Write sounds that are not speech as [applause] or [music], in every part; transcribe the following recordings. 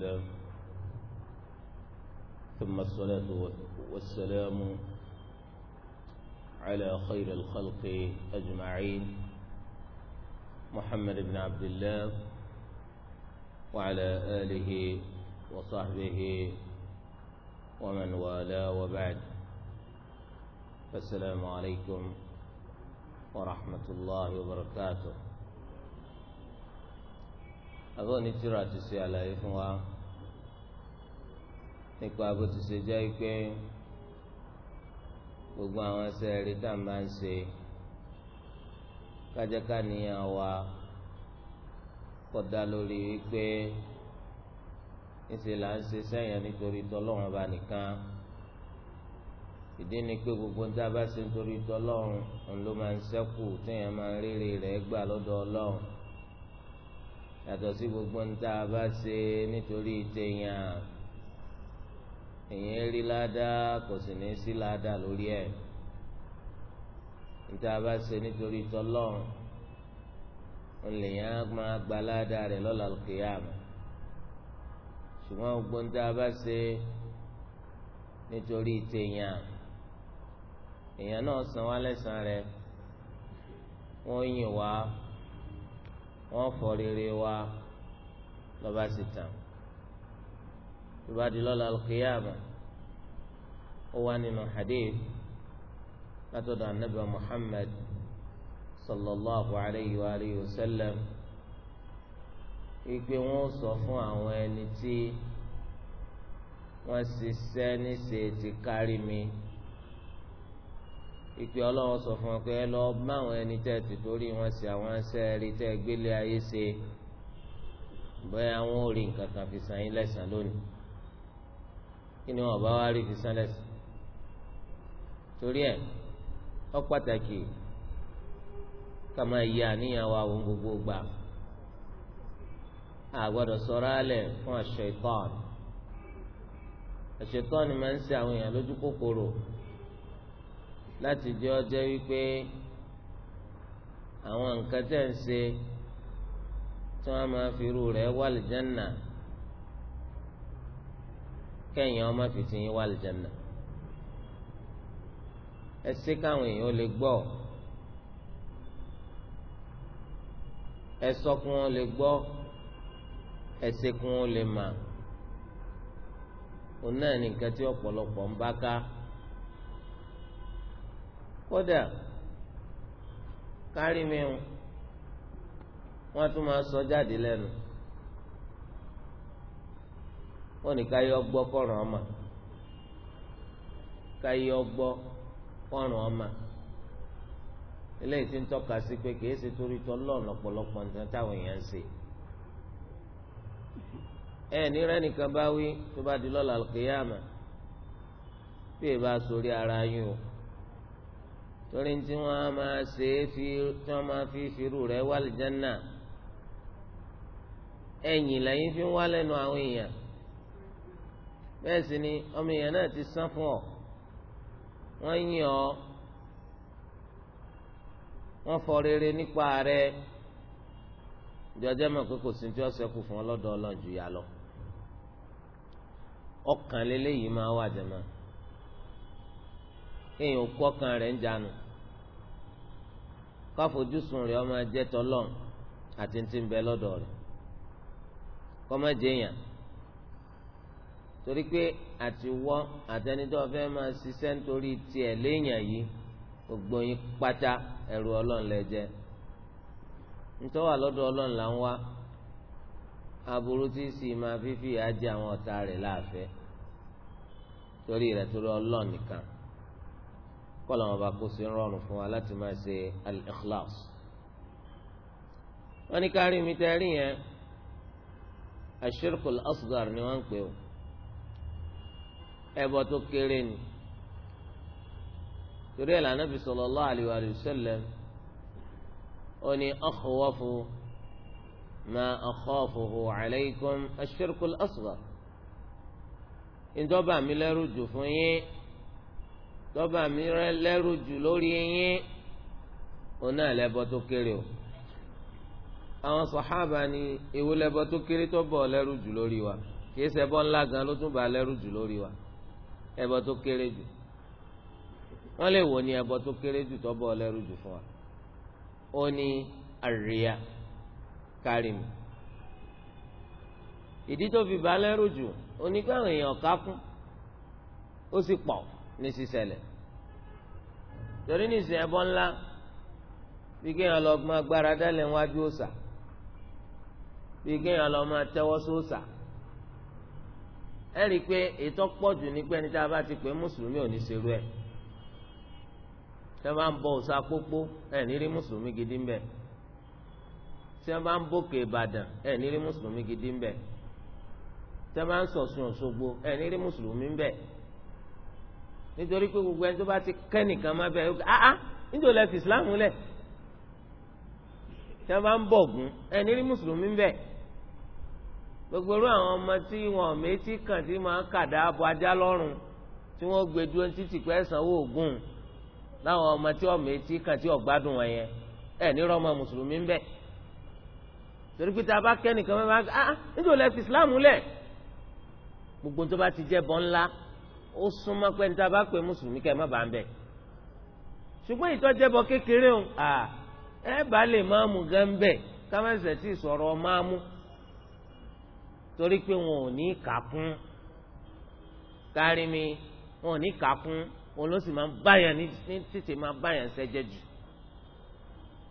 الله ثم الصلاة والسلام على خير الخلق أجمعين محمد بن عبد الله وعلى آله وصحبه ومن والاه وبعد فالسلام عليكم ورحمة الله وبركاته أظن ترى تسي على إخوة nípa bó ti ṣe jẹ́ pé gbogbo àwọn ẹsẹ̀ rí tá à ń bá ń ṣe kájẹ́ká níyàn wa kọ́ da lórí wípé ńṣe là ń ṣe sẹ́yìn nítorí tọ́lọ́run ọba nìkan ìdí ni pé gbogbo ń dábàá ṣe nítorí tọ́lọ́run òun ló máa ń ṣẹ́kù téèyàn máa ń rírì rẹ̀ gbà lọ́dọ̀ ọlọ́run yàtọ̀ sí gbogbo ń dábàá ṣe nítorí téèyàn èyàn rí ládàá kò sì ní sí ládàá lórí ẹ̀ níta bá ṣe nítorí tọlọ́run olèyàn máa gba ládàá rẹ̀ lọ́la kìyàmù ṣùgbọ́n gbogbo níta bá ṣe nítorí tèèyàn èèyàn náà san wá lẹ́san rẹ̀ wọ́n yìn wá wọ́n fọ rere wá lọ́ba sì tàn tó bá di lọ́la kìyàmù ó wá nínú hadith látọ̀dọ̀ anabi muhammad sallallahu alayhi wa alayhi wa sallam ìpè wọn sọ fún àwọn ẹni tí wọ́n ṣiṣẹ́ níṣe ti kárí mi ìpè ọlọ́wọ́ sọ fún wọn pé ẹ lọ bá àwọn ẹni tẹ́ ti torí wọn ṣe àwọn ẹsẹ̀ rí tẹ́ gbélé ayé ṣe bóyá wọn ò rí fi san yín lẹ́sàn lónìí kí ni wọn bá wá rí fi san lẹ́sàn torí ẹ ọ pàtàkì ká máa yẹ àníyàn wa ohun gbogbo gbà a gbọ́dọ̀ sọ̀rọ̀ alẹ̀ fún àṣetán àṣetán ni máa ń ṣe àwọn èèyàn lójú kòkòrò láti jẹ́ ọjẹ́ wípé àwọn nǹkan tẹ̀ ń ṣe tí wọ́n máa fi irú rẹ̀ wà lìjánà kẹ́yìn ọmọ fìtì wà lìjánà ẹ ṣe káwọn èèyàn lè gbọ́ ẹ sọ kí wọ́n lè gbọ́ ẹ ṣe kí wọ́n lè mà òun náà ní nǹkan tí ọ̀pọ̀lọpọ̀ ń bá ká kódà kárí mi ń wọ́n tún máa sọ jáde lẹ́nu wọ́n ní ká yọ gbọ́ kọ̀ràn ọmọ ká yọ gbọ́. kọ́rùn ọmọ eléyìí ti ń tọ́ka sí pé kìí ṣe torí tọ́lọ́ọ̀ lọ́pọ̀lọpọ̀ nǹkan táwọn èèyàn ń ṣe ẹ nira nìkan bá wí tó bá di lọ́la ara yín o torí tí wọ́n máa ṣe é fi tí wọ́n fi firu rẹ̀ wá aljanna ẹ̀yìn lẹ́yìn fi ń wá lẹ́nu àwọn èèyàn bẹ́ẹ̀ sì ni ọmọ èèyàn náà ti sán fún wọ́n yìn ọ wọ́n fọ rere nípa rẹ̀ ìjọjẹ́ mọ̀ pé kò sí tí wọ́n fún ọlọ́dọ̀ ọlọ́jù ju lọ ọkàn lélẹ́yìí máa wà jẹ́ máa kú ọkàn rẹ̀ ń jánu káfojúsùn rẹ̀ ọmọ lọ́n àti ti ń bẹ lọ́dọ̀ rẹ̀ kọ́mọ́jẹ́yàn torí pé àtiwọ́ àtẹnidọ́ fẹ́ máa ṣiṣẹ́ nítorí tiẹ̀ léèyàn yìí gbogbo yín pátá ẹ̀rù ọlọ́run lẹ jẹ́ nítorí wà lọ́dọ̀ ọlọ́run là ń wá aburú tí sì máa fífi àjẹ àwọn ọ̀tá rẹ̀ láàfẹ́ torí rẹ̀ torí ọlọ́run nìkan kọ́ làwọn bá kó sí rọrùn fún wa láti máa ṣe al-ikhlas ní ká rí mi tẹ́ rí yẹn ashirkul asghar ni wọ́n ń pè ó ẹbọ tó kéré ni torí ẹ̀ lànà bisalòlá àlìwà àlùsọ̀lẹ̀ ó ní akhwafu ma akhafuhu alaykum ash-shirkul asghar ìjọba mi lẹ́rù jù fún yín ìjọba mi lẹ́rù jù lórí yín òun náà lẹ́bọ tó kéré o àwọn sàhábà ni ewu tó kéré tó bọ̀ lẹ́rù jù lórí wa kì í ṣẹbọ ńlá gan ló tún bá lẹ́rù jù lórí wa ẹbọ tó kéré jù wọ́n lè wò ní ẹbọ tó kéré jù tó bọ́ ọ lẹ́rù jù fún wa ó ní àríyá kárí mi ìdí tó fi bá lẹ́rù jù oníkàwọn èèyàn kákún ó sì pọ̀ ní sísẹlẹ̀ torí nìsín ẹbọ ńlá bí kéèyàn lọ gbọ́n agbára dálẹ̀ wájú òòsà bí kéèyàn lọ máa tẹ́wọ́ sóòsà ẹ pé ètò pọ̀jù ní pé ẹni tá a bá ti pè mùsùlùmí ò ní ṣerú ẹ̀ tí wọ́n bá ń bọ òòṣà pópó ẹ̀ ní mùsùlùmí gidi ń bẹ tí wọ́n bá ń bòkè ìbàdàn ẹ̀ mùsùlùmí gidi ń tí gbogbo ẹni tó bá ti má ah lẹ́ fi lẹ̀ tí gbogbo irú àwọn ọmọ tí wọn méjì kàn tí máa ń kàdá abo ajá lọ́rùn tí wọ́n gbé dúró ní títì pé ẹ̀sánwó ògùn láwọn ọmọ tí ọmọ mùsùlùmí ń bẹ̀ torí pé tá a bá kẹ́nìkan mẹ́fà á nítorí lẹ́ fi islam lẹ̀ gbogbo tó bá ti jẹ́ bọ́ ńlá ó súnmọ́ pé ní tá a bá pè mùsùlùmí kẹ́ ẹ má bàa ń bẹ̀ ṣùgbọ́n ìtọ́jẹ́bọ kékeré o ẹ bá lè gan bẹ̀ torí pé wọn ò ní kàkún kárí mi wọn ò ní kàkún wọn ló sì máa ń báyàn ní títì máa báyàn sẹ́jẹ́ jù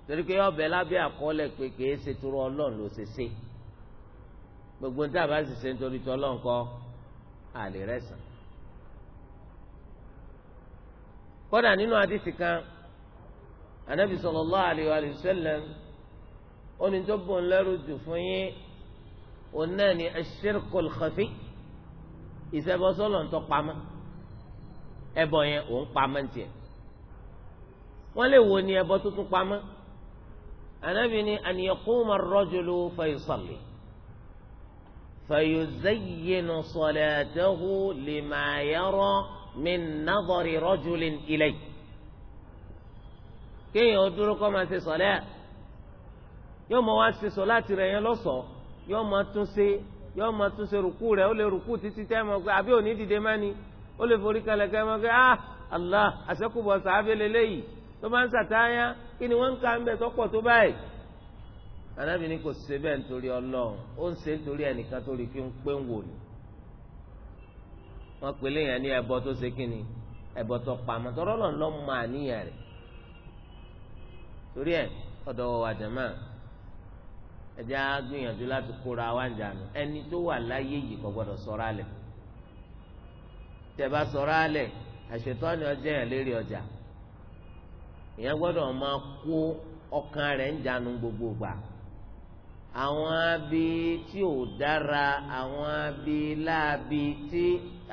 torí pé ọbẹ̀ lábẹ́ àkọọ́lẹ̀ pé kìí ṣe torọ ọlọ́run ló ṣe ṣe gbogbo ní tàbá sì ṣe nítorí tọ́ ọlọ́run kọ́ àlè rẹ̀ sàn. kódà nínú àdìsí kan anabi sallallahu alaihi wa sallam ó ní tó bò ń lẹ́rù jù fún yín òun náà ni ashirkul khafi ìṣẹbọ sọlọ ń tọ pamọ́ ẹbọ yẹn òun pamọ́ tiẹ wọn lè wo ni ẹbọ tuntun pamọ́ anabi ni an yaquma ar-rajulu fa yusalli fayuzayyinu salatahu lima yara min nadari dúró kó máa ṣe sọlẹ yóò mọ wá ṣe sọ láti rẹ yẹn lọsọọ. yọ ma tún ṣe yóò máa tún ṣe rùkú rẹ̀ ó lè rùkú títí tẹ́ mọ̀ pé àbí òní dìde má ni o forí ah allah àṣẹkùbọ̀ sàábẹ̀ lélẹ́yìí tó bá ń sàtáyà kí ni wọn ń ka ń bẹ̀ tọ́pọ̀ tó báyìí anábìíní kò ṣe bẹ́ẹ̀ nítorí ọlọ́run ó ń se nítorí ẹnìkan tó rí fi ń pé ń wò ni ẹjẹ́ á gbìyànjú láti kóra wa ń jànú ẹni tó wà láyé yìí kò gbọdọ̀ sọ̀rọ̀ alẹ̀ tẹ̀bá sọ̀rọ̀ alẹ̀ àṣetọ́ ni ọjọ́ yẹn lérí ọjà èèyàn gbọdọ̀ máa kó ọkàn rẹ̀ ń jànú gbogbo gbà àwọn abi tí ò dára àwọn abi láabi tí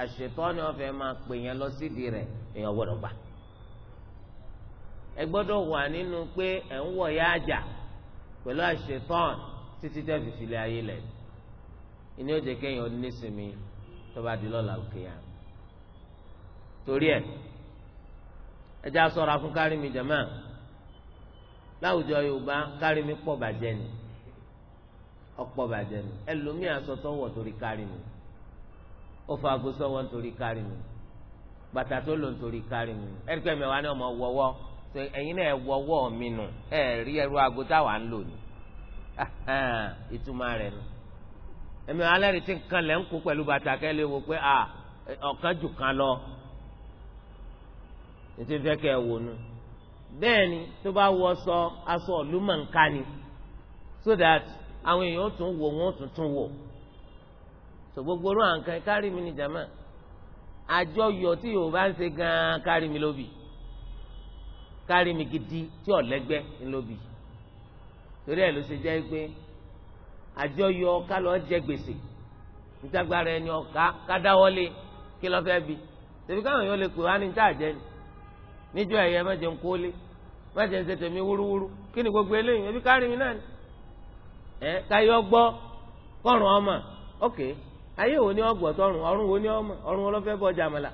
àṣetọ́ ni wọ́n fẹ́ máa pè yẹn lọ sídìí rẹ̀ èèyàn gbọdọ̀ gbà ẹ gbọ́dọ̀ wà nínú pé ẹ̀ ń wọ̀ yá àjà pẹ̀lú àṣetọ́n títí tẹ́ fi filẹ̀ ayé lẹ̀ ìní ó jẹ́ kéèyàn ó nísìmí tó bá di lọ́la òkè yá torí ẹ̀ ẹ já sọ̀rọ̀ afún kárìmí jẹ̀mọ́ láwùjọ yorùbá kárìmí pọ̀ bàjẹ́ ni ọ̀pọ̀ bàjẹ́ ni ẹlòmíì asọ́tọ̀wọ̀ torí kárìmí ó fa ago sọ́wọ́ nítorí kárìmí bàtà tó lò nítorí kárìmí ẹ̀ríkẹ́ mi wá ní ọmọ wọ́wọ́ ẹ̀yin náà ẹ̀ wọ́wọ́ mi nù ẹ̀ rí ẹrú ago táwa ń lò ní [laughs] ìtumọ̀ rẹ̀ nù ẹ̀mí alẹ́rìísí nǹkan lẹ́ ń kó pẹ̀lú bàtà kẹ́lẹ́ wo pé ọ̀kan jù kan lọ ètò ìfẹ́ kẹ́ ẹ̀ wò nu bẹ́ẹ̀ ni tó bá wọ sọ aṣọ ọ̀lùmọ̀ǹká ni so that àwọn èèyàn tún wò wọ́n tún tún wò tó gbogbo orú àǹkà kárí mi ni jàmá àjọyọ̀ tí yorùbá ń ṣe gan kárí mi lóbì kárí mi gidi tí ọ̀lẹ́gbẹ́ ńlóbì. torí ẹ̀ ló ṣe jẹ́ pé yọ ọ̀ká lọ jẹ gbèsè ìtagbára ẹni ọ̀ká kádáwọ́lé kí lọ́ọ́ fẹ́ bi tèmi káwọn èèyàn lè pè wá ní ni níjọ́ ẹ̀yẹ mẹ́jẹ̀ ń kólé mẹ́jẹ̀ ń ṣe tèmi wúrúwúrú kí ni gbogbo eléyìí ebi kárí mi náà ni ẹ káyọ̀ gbọ́ kọ́rùn ọmọ ok ayé wo ni ọgbọ̀ tọrùn ọrùn wo ni ọmọ ọrùn wo fẹ́ bọ́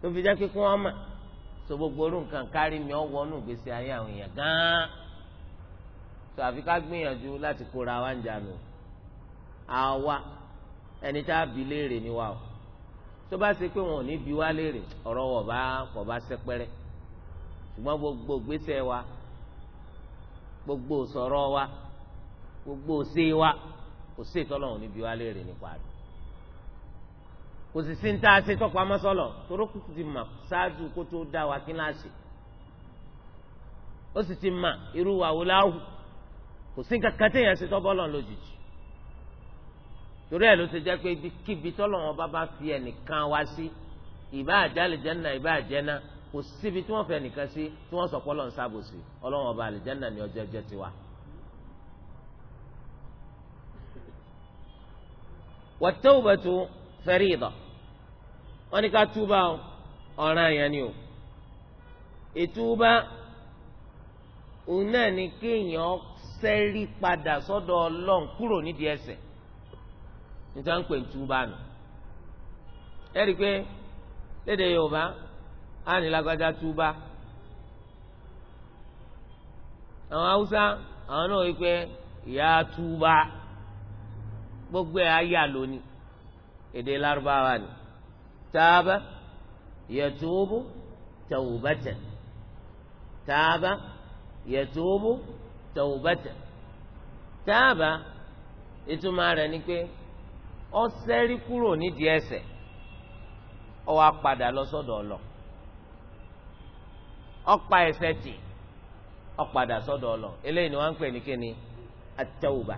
tó fi jẹ́ kíkún ọmọ so gbogbo orú nǹkan kárí mi ọwọ́ nù gbèsè ayé àwọn èèyàn tó àfi ká gbìyànjú láti kóra wa ń jànú àwa ẹni tá a bi léèrè ni wa o tó bá ṣe pé wọn ò ní bi wá léèrè ọ̀rọ̀ wọ̀ bá kọ̀ bá sẹ́pẹ́rẹ́ ṣùgbọ́n gbogbo gbèsè wa gbogbo sọ̀rọ̀ wa gbogbo ṣe wa kò sí ìtọ́lọ́hún níbi wa léèrè nípa rẹ̀ kò sì sí ń tá ṣe tọ́pọ̀ amọ́sọ́lọ̀ torókù ti mà ṣáájú kó tó dá wa kíláàsì ó sì ti mà irú wa wò láwù kò sí nǹkan kan téèyàn ṣe tó bọ́ lọ́n lójijì torí ẹ̀ ló ṣe jẹ́ pé kíbi tọ́lọ́wọ́n bá bá fi ẹnìkan wá sí ìbá àjálìjẹ́nà ìbá àjẹ́nà kò síbi tí wọ́n fẹ́ nìkan sí tí wọ́n sọ pọ́lọ́n sábòsí ọlọ́wọ́n ọba àlìjẹ́nà ni ọjọ́ jẹ́ tiwa. wat-tawbatu farida wọ́n ní ká túbà ọ̀ràn yẹn ni o ìtúbà òun náà ni kéèyàn sẹ́rí padà sọ́dọ̀ ọlọ́run kúrò nídìí ẹ̀ṣẹ̀ níta ń pè ń túbà nù ẹ rí i pé léde yorùbá á ní lágbájá túbà àwọn haúsá àwọn náà rí i pé ìyá túbà gbogbo ẹ̀ ayà lónìí èdè lárúbáwá ni tábà yẹtùbù tàwùbàtà tábà yẹtùbù tawbata táàbà ìtumọ̀ rẹ̀ ni pé ó ṣẹ́rí kúrò nídìí ẹ̀ṣẹ̀ ó wá padà lọ sọ́dọ̀ ọlọ ó pa ẹ̀ṣẹ̀ tì ó padà sọ́dọ̀ ọlọ eléyìí ni wọ́n ń pè ní kíni at-tawba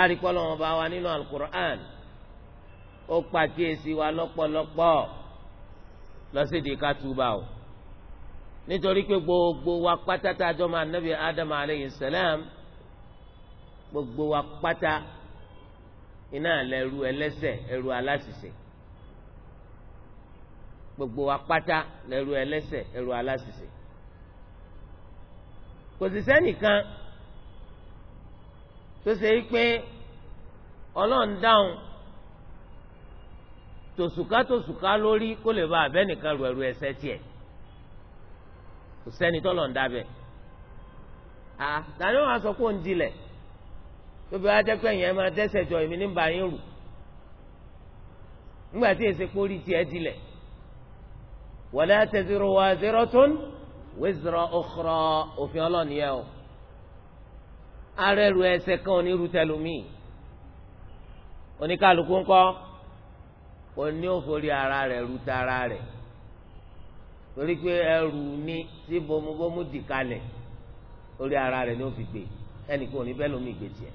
àríkọ́lọ́ wọn bá wa nínú al-Qur'an ó pàkíyèsí wa lọ́pọ̀lọpọ̀ lọ sí di ká túbà o. nítorí pé gbogbo wa pátá tá a jọ Adam aleyhi salam gbogbo wa pátá iná lẹ́rú ẹlẹ́ṣẹ̀ ẹrú aláṣìṣe gbogbo wa pátá lẹ́rú ẹlẹ́ṣẹ̀ ẹrú aláṣìṣe kò sì sẹ́nìkan tó ṣe é pé ọlọ́run dáhùn tòṣùká tòṣùká lórí kó lè bá abẹ́nìkan kò sẹ́ni tọ́lọ̀ ń dábẹ́ à tani wọn sọ pé ó ń dilẹ̀ tóbi wá jẹ́ pé ẹ̀yìn máa dẹ́sẹ̀ jọ èmi ní bá yín rù ńgbà tí èsì pórí tiẹ̀ dilẹ̀ wala taziru waziratun wizra ukhra òfin ọlọ́ọ̀nìyẹ o arẹ́rù ẹsẹ̀ kan onírú tẹlumi oníkàlùkù ńkọ́ oní ara rẹ̀ rú tara rẹ̀ torí pé ẹrù ni tí bomubomu dì kalẹ̀ orí ara rẹ̀ ni ó fi gbé ẹnì kò ní bẹ́ẹ̀ lómi ìgbé tiẹ̀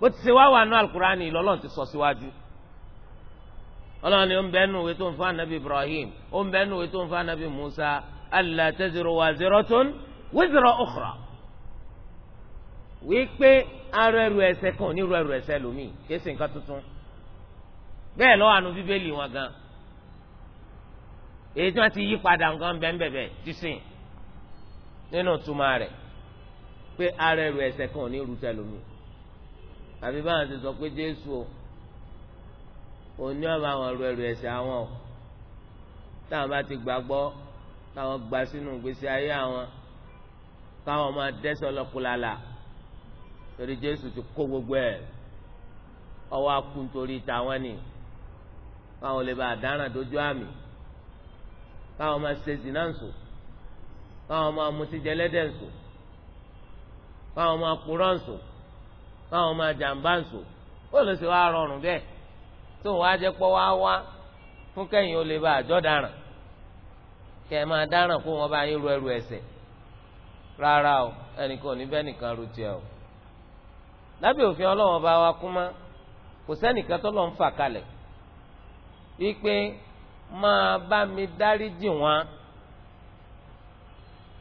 bó ti ṣe wá wà nù alukurani lọ́lọ́run ti sọ síwájú ọlọ́run ni ó ń bẹ́ẹ̀ nù òwe tó ń fún anabi Ibrahim ó ń bẹ́ẹ̀ nù òwe tó ń fún anabi Musa alla taziru waziratun wizra ukhra wípé arọ ẹrù ẹ̀ṣẹ̀ kan ní rọ ẹrù ẹ̀ṣẹ̀ lómi kí ẹ̀ṣẹ̀ nǹkan tuntun bẹ́ẹ̀ lọ wà bíbélì wọn gan-an èyí tí wọ́n ti yí padà nǹkan bẹ́ẹ̀nbẹ́ẹ̀bẹ́ ti sìn nínú túmọ̀ rẹ̀ pé ara ẹrù ẹ̀ṣẹ̀ kan ò ní rúta lómi àbí báwọn ti sọ pé Jésù o òní ọba àwọn ẹrù ẹrù ẹ̀ṣẹ̀ àwọn o táwọn bá ti gbàgbọ́ táwọn gba sínú ìgbésí ayé àwọn káwọn máa dẹ́ṣẹ̀ ọlọ́kùnlala torí Jésù ti kó gbogbo ẹ̀ ọwọ́ akú tàwọn ni káwọn lè bá àdáràn dójú àmì. káwọn máa ṣe zina ń sùn káwọn máa mutí jẹlẹ́dẹ̀ ń sùn káwọn máa kúrọ̀ ń sùn káwọn máa jàǹbá ń sùn ó lọ sí wa rọrùn bẹ́ẹ̀ tó wàá jẹ́ pọ́ wá wá fún ó lè àjọ dáràn máa dáràn wọn bá yín ru ẹrù o ẹnìkan ò ní bẹ́ẹ̀ nìkan ru o lábẹ́ òfin ọlọ́wọ́n bá wa kú mọ́ kò sẹ́nìkan tó fà máa bá mi dáríjì wọn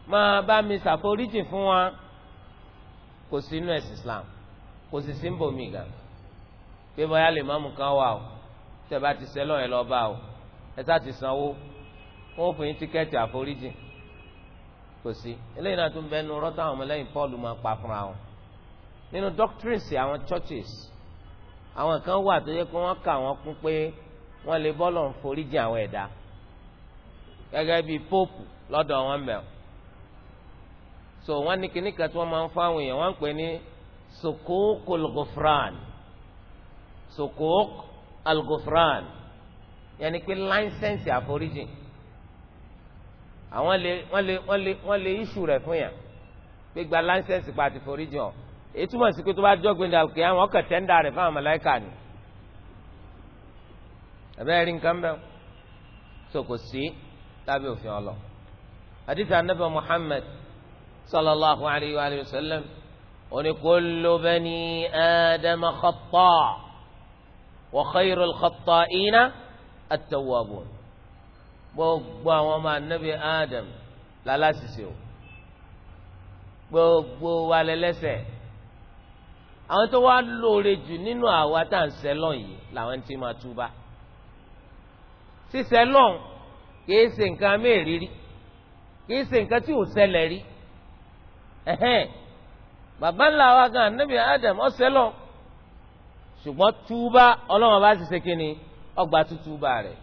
máa bá mi ṣàforíjì fún wọn kò sí inú ẹ̀sìn Islam kò sì sí ń bò mí gan pé bóyá lè máàmù kan wà o tẹ bá ti sẹ́lọ̀ ẹ lọ bá o ẹ sá ti sanwó wọn ò fún yín tíkẹ́ẹ̀tì àforíjì kò sí eléyìí náà tún bẹ́ẹ̀ nu rọ́tà àwọn ọmọlẹ́yìn Paul máa pa fúnra wọn nínú doctrines àwọn churches àwọn kan wà tó yẹ kó wọ́n kà wọ́n kún pé wọ́n lè bọ́lọ̀ ń foríjì àwọn ẹ̀dá gẹ́gẹ́ bíi póòpù lọ́dọ̀ wọn mẹ́ọ̀ so wọ́n ní kíní kan tí wọ́n máa ń fún àwọn èèyàn wọ́n ń pè ní sukuk al-ghufran sukuk al-ghufran yẹnni pé láńsẹ̀nsì àforíjì àwọn lè wọ́n lè wọ́n lè wọ́n lè iṣu rẹ̀ fún yàn pé gba láńsẹ̀nsì pa àti foríjì ọ̀ èyí túmọ̀ sí pé tó bá jọ́gbìn dàlùkì àwọn ọkọ̀ tẹ́ńdà rẹ̀ fáwọn màláíkà ni abẹ́rẹ́ rí nǹkan bẹ́ẹ̀ so kò sí lábẹ́ òfin ọlọ. àdìsí anábì muhammed sallallahu alayhi wa sallam oní kullu bani adama khata wa khayrul khata'ina at-tawwabun gbogbo àwọn ọmọ anabi adam lálásìsì o gbogbo wa lẹ́lẹ́ṣẹ̀ àwọn tó wá lóore jù nínú àwa tá à ń ṣẹ̀ lọ́yìn làwọn ti máa túbà. sísẹ lọ́n kìí ṣe nǹkan mẹ́rìírí kìí ṣe nǹkan tí ò ṣẹlẹ̀ rí ẹ̀hẹ́n bàbá ńlá wa gan anabi adam ọ̀sẹ̀ lọ ṣùgbọ́n túbá ọlọ́run bá ti ṣe kínni ọgbà tútúbà rẹ̀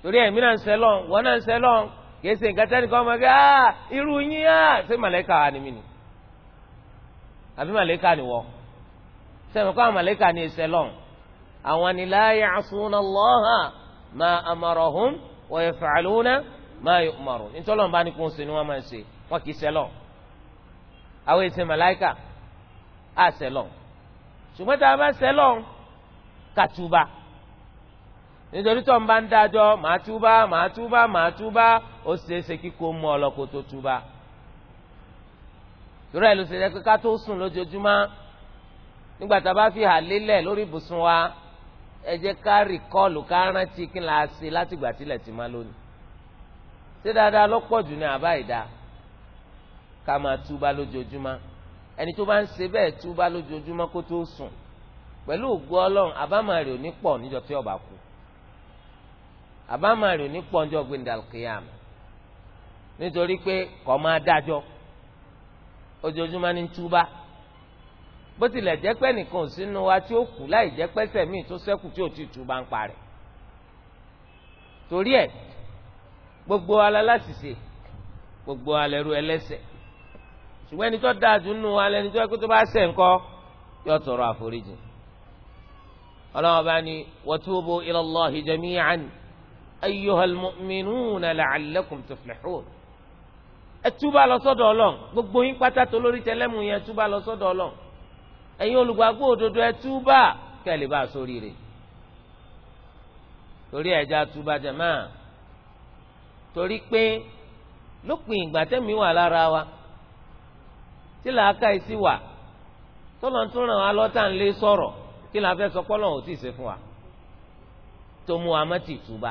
torí ẹ̀mí náà ń ṣẹ lọ́hùn wọ́n náà ń ṣẹ lọ́hùn kìí ṣe nǹkan tẹ́nìkan ọmọ ah, irú yín ah! ni mí ni àbí màlẹ́kà ni kọ́ àwọn màlẹ́kà ni àwọn ni la ya'suna Allaha ma amarahum wa ma yu'marun nítorí wọn bá ní kó ń ṣe ni wọn máa ń ṣe wọn kì í sẹlọ àwọn èsì màláìkà á tuba ṣùgbọ́n a tó ń bá ń màá túbà màá túbà màá túbà ó ṣe é ṣe kíkó mú tó túbà ló ẹ jẹ́ ká rìkọ́ọ̀lù ká rántí kí n la ṣe látìgbà tílẹ̀ ti má lónìí ṣé dáadáa ló pọ̀ jù ní àbá ìdá ká máa túbá lójoojúmọ́ ẹni tó bá ń ṣe bẹ́ẹ̀ túbá lójoojúmọ́ kó tó sùn pẹ̀lú ògbó ọlọ́run àbámarè ò ní pọ̀ níjọ́ tí ọba kú àbámarè ò ní pọ̀ níjọ́ gbẹ̀ndàkìyàm nítorí pé kọ́ máa dájọ́ ojoojúmọ́ ní túbá bó tilẹ̀ jẹ́ pé nìkan sínú wa tí ó kù láì jẹ́ pẹ́sẹ̀ tó ti bá ń parẹ́ torí ẹ̀ gbogbo gbogbo alẹ́rú ẹlẹ́sẹ̀ ṣùgbọ́n ẹni tó dáa jù nù ẹni tó yẹ tó bá ṣẹ̀ ńkọ́ yóò tọrọ àforíjì ọlọ́wọ́n bá ní watubu ilallahi jami'an ayyuhal mu'minuna la'allakum tuflihun gbogbo yín pátá tó lórí ẹ̀yin olùgbàgbọ́ òdodo ẹ túbà kẹ́lẹ́ bá a sórí rẹ̀ torí ẹ̀já túbà jẹ̀má torí pé lópin ìgbà tẹ́mi wà lára wa tí làákà yìí sì wà tọ́lọ̀ tó ràn wá lọ́tà ń lé sọ̀rọ̀ kí la fẹ́ sọ pọ́lọ́ ò tí ì ṣe fún wa tó mú wa mọ́tì túbà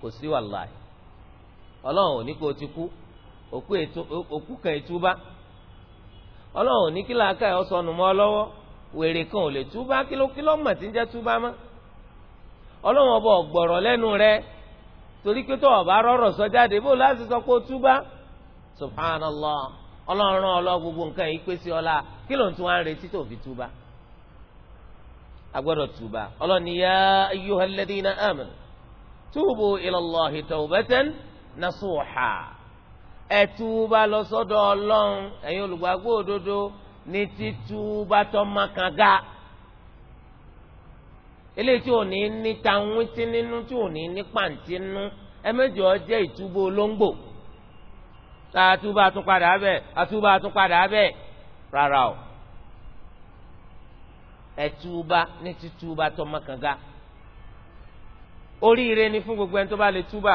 kò sí wàláì ọlọ́run ò ní kó o ti kú òkú kan ìtúbà. ọlọ́run ní kí làákà ẹ̀ sọnù mọ́ lọ́wọ́ wèrè kan ò lè túbá kílókíló mọ̀ tí ń jẹ́ túbá mọ́ ọlọ́run ọba ọ̀gbọ̀rọ̀ lẹ́nu rẹ torí pé tó ọba rọrọ̀ sọ jáde bó láti sọ pé ó túbá subhanallah ọlọ́run ọlọ́ gbogbo nǹkan yìí ọlá kí ló ń tún wá ń retí tó fi túbá túbá ọlọ́run tubu nasuha. ẹtúbà lọ sọ́dọ̀ Ọlọ́run ẹ̀yin olùgbàgbọ́ òdodo ní títúbà tó má kan ga eléyìí tí ò ní ní tawíntí nínú tí ò ní ní pàǹtí nínú ẹ̀mẹ́jọ jẹ ìtúbà olóńgbò àtúbà tún padà bẹ àtúbà tún padà bẹ rárá o ẹtúbà ní títúbà tó má ga oríire ni fún gbogbo ẹni tó bá lè túbà.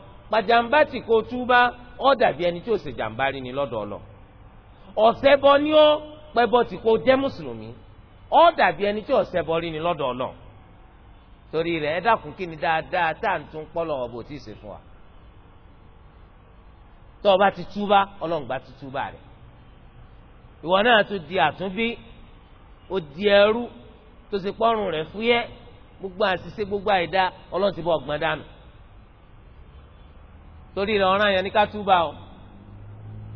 pàjàmbá tí kò túbá ọ dàbí ẹni tí ò ṣe jàmbá rí ni lọ́dọ̀ ọlọ ọ̀sẹ̀ bọ ni ó pẹbọ tí kò jẹ́ mùsùlùmí ọ dàbí ẹni tí ọ̀sẹ̀ bọ rí ni lọ́dọ̀ ọlọ torí rẹ̀ ẹ dákun kí ni dáadáa tá à ń tún pọ́lọ̀ ọ̀bọ̀ tí ì ṣe fún wa tó o bá ti túbá ọlọ́run bá ti túbá rẹ̀ ìwọ náà tún di àtúnbí ó di ẹrú tó ṣe pọ́rùn rẹ̀ fúyẹ́ gbogbo àṣìṣe gbogbo àìdá ọlọ́run ti bọ́ ọgbọ́n dànù torí rẹ̀ ọ̀ràn yẹn ní ká túbà o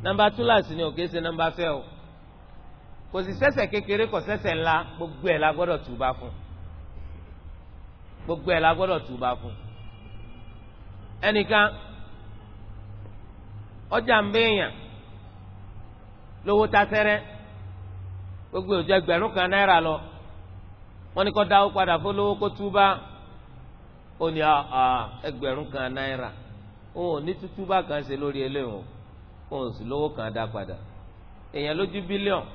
nàmbà túláàsì ni òkè ṣe nàmbà fẹ́ o kò sì sẹsẹ kékeré kò sẹsẹ ńlá gbogbo ẹ̀ la gbọ́dọ̀ túbà fún gbogbo ẹ̀ la gbọ́dọ̀ túbà fún ọjà ń lówó gbogbo ìjọ ẹgbẹ̀rún kan lọ dáwó padà fún òun ní tútú bá kan ṣe lórí eléyìí òun sì lówó kan dá padà èèyàn lójú bílíọ̀n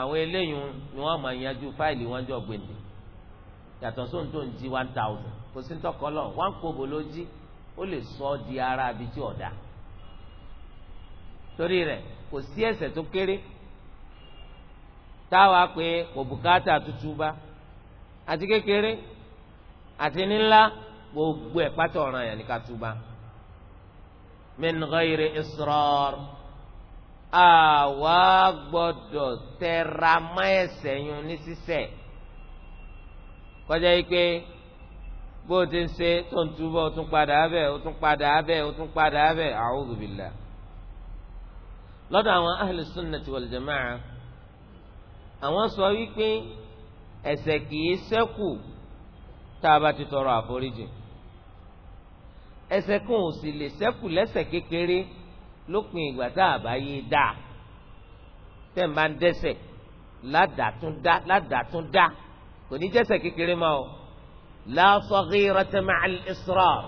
àwọn eléyìí ni wọ́n máa yanjú fáìlì wọn jọ gbèndé yàtọ̀ sóhun tó ń jí one thousand kò sí tọkọ lọ wọn kóbo ló jí ó lè sọ ọ́ di ara àbí tí ọ̀dà torí rẹ̀ kò sí ẹ̀ṣẹ̀ tó kéré táwa pé kò bùkátà tútú bá àti kékeré àti nílá gbogbo ẹ̀ pátá ọ̀ràn yẹn ni ká túbà min ghayri israr àwa gbọ́dọ̀ tẹra mọ́ ẹ̀ṣẹ̀ yun ní sísẹ̀ kọjá yìí pé bó ti ń ṣe tó ń túbọ̀ ó tún padà abẹ́ ó tún padà abẹ́ ó tún padà abẹ́ a'udhu lọ́dọ̀ àwọn ahlu sunnati wal jama'a àwọn sọ wípé ẹ̀ṣẹ̀ kìí ṣẹ́kù tá a bá ti tọrọ àforíjì ẹsẹ̀ kan ò sì lè ṣẹ́kù lẹ́sẹ̀ kékeré lópin ìgbà tá a bá yé dá tẹ̀ ń bá ń dẹ́sẹ̀ ládàtúndá ládàtúndá kò ní jẹ́sẹ̀ kékeré mọ́ o la saghirata ma'al israr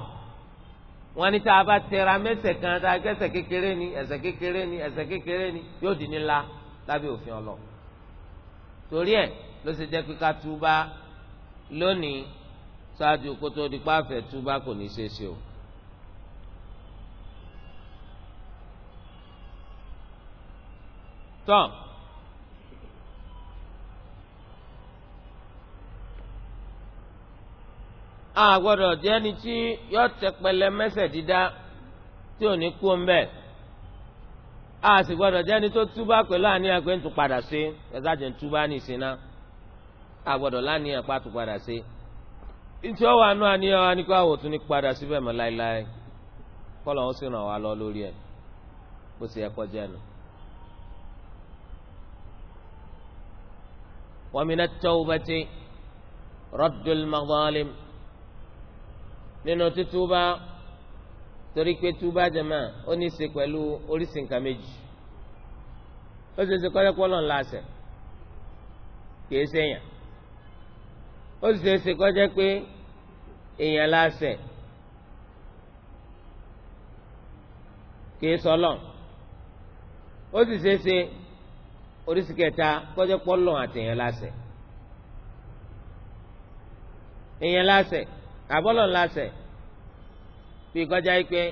wọn ní tá a bá tẹra mẹ́sẹ̀ kan tá a gẹ́sẹ̀ kékeré ni ẹ̀sẹ̀ kékeré ni ẹ̀sẹ̀ kékeré ni yóò di nílá lábẹ́ òfin ọlọ torí ẹ̀ ló ṣe jẹ́ pé ká túbá lónìí ṣáájú kótó dípá fẹ́ túbá kò ní ṣeé ṣe o. tán a gbọ́dọ̀ jẹ́ ẹni tí yọ tẹpẹlẹ mẹ́sẹ̀ dídá tí ò ní kú ń bẹ̀ a sì gbọ́dọ̀ jẹ́ ẹni tó túbá pẹ̀lú àníyàn pé ń tún padà ṣe ẹ̀sà jẹ́ ń túbá ní ìsìn náà a gbọ́dọ̀ láníyàn pa tún padà ṣe ntí ọ wà nù àníyàn wa ni kó àwọn òtún ní padà síbẹ̀ mọ́ láéláé kọ́ lọ́wọ́ sì ràn wá lọ lórí ẹ̀ bó ṣe yẹ kọjá nù. ومن التوبة رد المظالم nínú títúbà torí pé túbà jẹmọ ó ní í ṣe pẹ̀lú oríṣìí nǹkan méjì ó sì ṣe kọ́lẹ́kọ́ lọ́n láṣẹ kìí ṣe èèyàn ó sì ṣe ṣe kọ́jẹ́ pé èèyàn láṣẹ kìí sọ lọ́n ó sì ṣe ṣe oríṣi kẹta kọjá pọlọ àtẹyàn lásẹ èèyàn lásẹ àbọlọ lásẹ bí kọjá ipe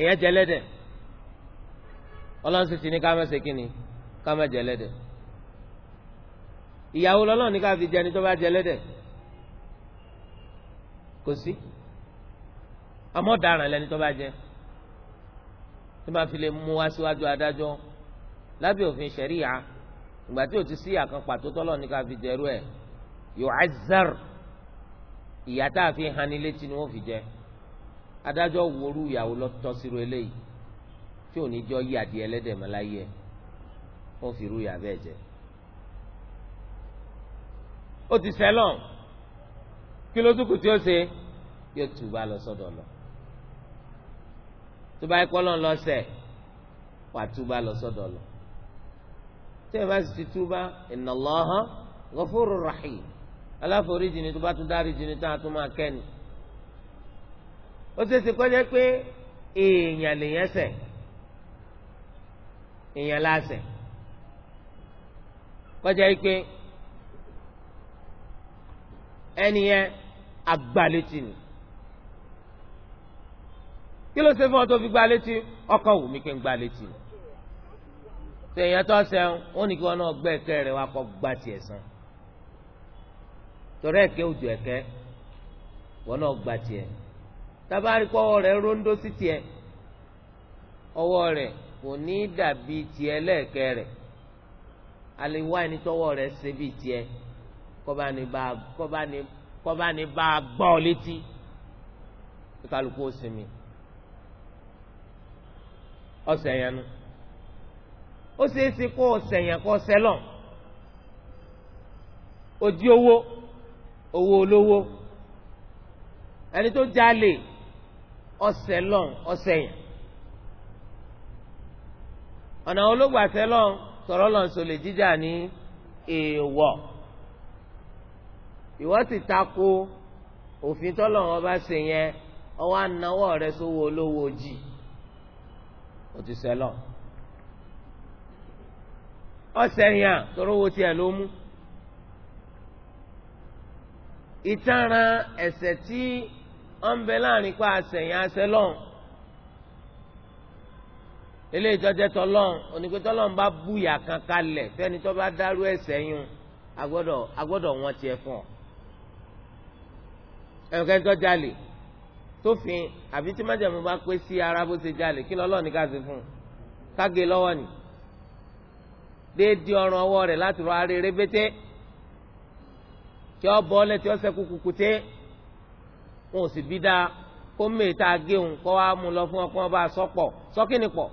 èèyàn jẹlẹdẹ Ọlọ́run sì ti ní ká má ṣe kínni ká má jẹlẹdẹ ìyàwó lọ́lọ́run ní ká fi jẹni tó bá jẹlẹdẹ kò sí àmọ́ ọ̀daràn lẹni tó bá jẹ tó máa fi lè mú wá síwájú adájọ́ lábẹ́ òfin ṣẹ̀ríyà ìgbà tí o ti sí àkàn pàtó tọ́lọ̀ ní ká fi jẹ́rú ẹ̀ yu'azzar ìyá tá a fi hàn létí ni wọ́n fi jẹ́ adájọ́ worú ìyàwó lọ́tọ́ sírò eléyìí tí ò ní jọ yí adìẹ ẹlẹ́dẹ̀ mọ́ láyé ẹ̀ wọ́n fi rú ìyá bẹ́ẹ̀ jẹ́ ó ti sẹ́lọ̀ kí ló dúkù tí ó ṣe yóò tù bá lọ sọ́dọ̀ lọ tó bá yẹ kọ́ lọ́n lọ sẹ̀ wà túbà lọ sọ́dọ̀ lọ tí ẹ bá sì ti túbà inna Allaha ghafurur rahim aláforíjì ni tó bá tún dáríjì ni tó tún máa kẹ́ni ó ṣe ṣe kọjá pé èèyàn lèèyàn ṣẹ̀ èèyàn láṣẹ̀ kọjá pé ẹni yẹn agbálẹ́tì ni kí ló ṣe fún ọ tó fi gba létí ọkọ wù mí kí n gba létí tó èèyàn tó sẹ́wọ̀n ó ní kí wọn náà gbé ẹ̀kẹ́ rẹ̀ wá kọ́ gba tiẹ̀ san torí ẹ̀kẹ́ òjò ẹ̀kẹ́ wọn náà gba tiẹ̀ tabari kọ́ ọwọ́ rẹ̀ róńdó sí tiẹ̀ ọwọ́ rẹ̀ kò ní dàbí tiẹ̀ lẹ́ẹ̀kẹ́ rẹ̀ àlewá ẹni tọwọ́ rẹ̀ ṣe bí tiẹ̀ kọ́ba ni bá kọ́ba ni kọ́ba ni bá gbọ́ létí kálukú ó sinmi ọsẹ yẹn nu ó ṣeé ṣe kó ọsẹ yẹn kó ọsẹ lọ odi owó owó olówó ẹni tó jalè ọsẹ lọ ọsẹ yẹn ọ̀nà olóògbàsẹ lọ sọ̀rọ̀ lọ sọlẹ̀ jíjà ní èèwọ̀ ìwọ́ ti tako òfin tọ́lọ̀ wọn bá ṣe yẹn ọwọ́ ànáwọ́ rẹ sówó olówó jì. So ó ti sẹ́lọ̀ ọ̀sẹ̀yìn à tọrọ owó tiẹ̀ ló mú ìtanràn ẹ̀ṣẹ̀ tí ó ń bẹ láàrin pa àṣẹyìn àṣẹlọ́n eléyìí tọ́jẹ́ tọ́lọ́n onígbẹ́tọ́lọ́n bá búyà kan kalẹ̀ fẹ́ni tó bá dárú ẹ̀ṣẹ̀ yún agbọ́dọ̀ agbọ́dọ̀ wọn tiẹ̀ fún ọ ẹnìkan tó jalè tófin àbí tí májàmú bá pé sí ara bó ṣe jalè kí lọ́lọ́ ní ká ṣe fún un kágé lọ́wọ́ ni déédéé ọrùn ọwọ́ rẹ̀ láti rọ arére rébété tí ọ bọ́ lẹ́tí ọ sẹ́kù kùkùté wọn ò sì bí dáa kó mèé tá a gé òun kọ́ wa mú lọ fún ọ kó wọn sọ́kìnì pọ̀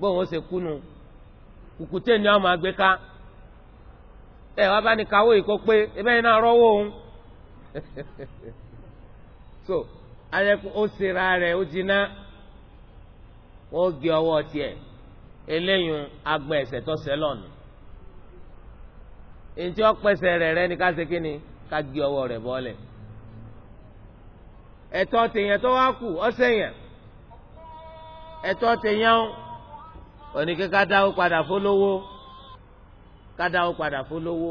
bóun ó ṣe kúnu kùkùté ni ọ máa gbé ká ẹ wá bá ní kawó yìí kó pé ẹ bẹ́ẹ̀ náà rọ́wọ́ òun. [laughs] so ayẹkùn ó sera rẹ̀ ó jiná wọ́n gé ọwọ́ tiẹ̀ eléyìí agbọ̀n ẹ̀sẹ̀ tó sẹ́lọ̀nù ntí ó pèsè rẹ̀ rẹ̀ ni ká ṣe kí ni ká gé ọwọ́ rẹ̀ bọ́lẹ̀ ẹ̀tọ́ tèèyàn tó wá kù ọ̀sẹ̀ yẹn ẹ̀tọ́ tèèyàn oníkẹ́ ká dáwó padà fólówó ká dáwó padà fólówó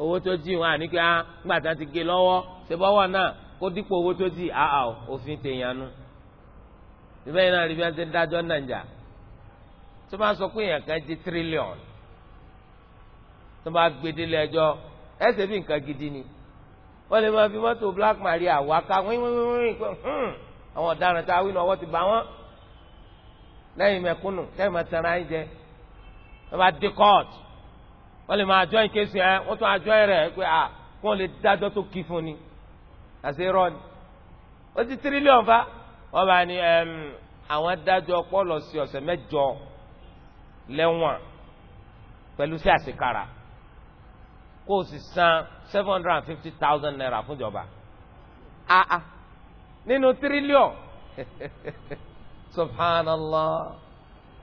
owó tó jí wọn àníkẹ́ á ńgbà tá ti gé lọ́wọ́ ṣe bọ́wọ́ náà kó dípò owó tó ti àá òfin tèèyànnu ìbẹ́ yìí náà rí bí wọ́n ti ń dájọ́ nàìjà tó bá sọ pé èèyàn kan jí tírílíọ̀nù tó bá gbedele ẹjọ́ ẹsẹ̀ bí nǹkan gidi ni wọ́n lè máa fi mọ́tò Black Maria wá ká wíwíwíwí pé hmm, àwọn ọ̀daràn tá a wí ní ọwọ́ ti bá wọn lẹ́yìn mẹ́kúnnù lẹ́yìn máa tẹ̀ra ẹ̀ jẹ wọ́n bá dé court wọ́n lè máa adjourn case wọ́n tún adjourn rẹ̀ pé à kí lè dájọ́ tó kí fún ni àṣeyọrọ ni ó ti tírílíọ̀n fa wọ́n bá ní àwọn adájọ́ ọpọlọ sí ọ̀sẹ̀ mẹ́jọ lẹ́wọ̀n pẹ̀lú sí àṣekára kó o sì san seven hundred and fifty thousand naira fúnjọba aa nínú tírílíọ̀n [laughs] subhanallah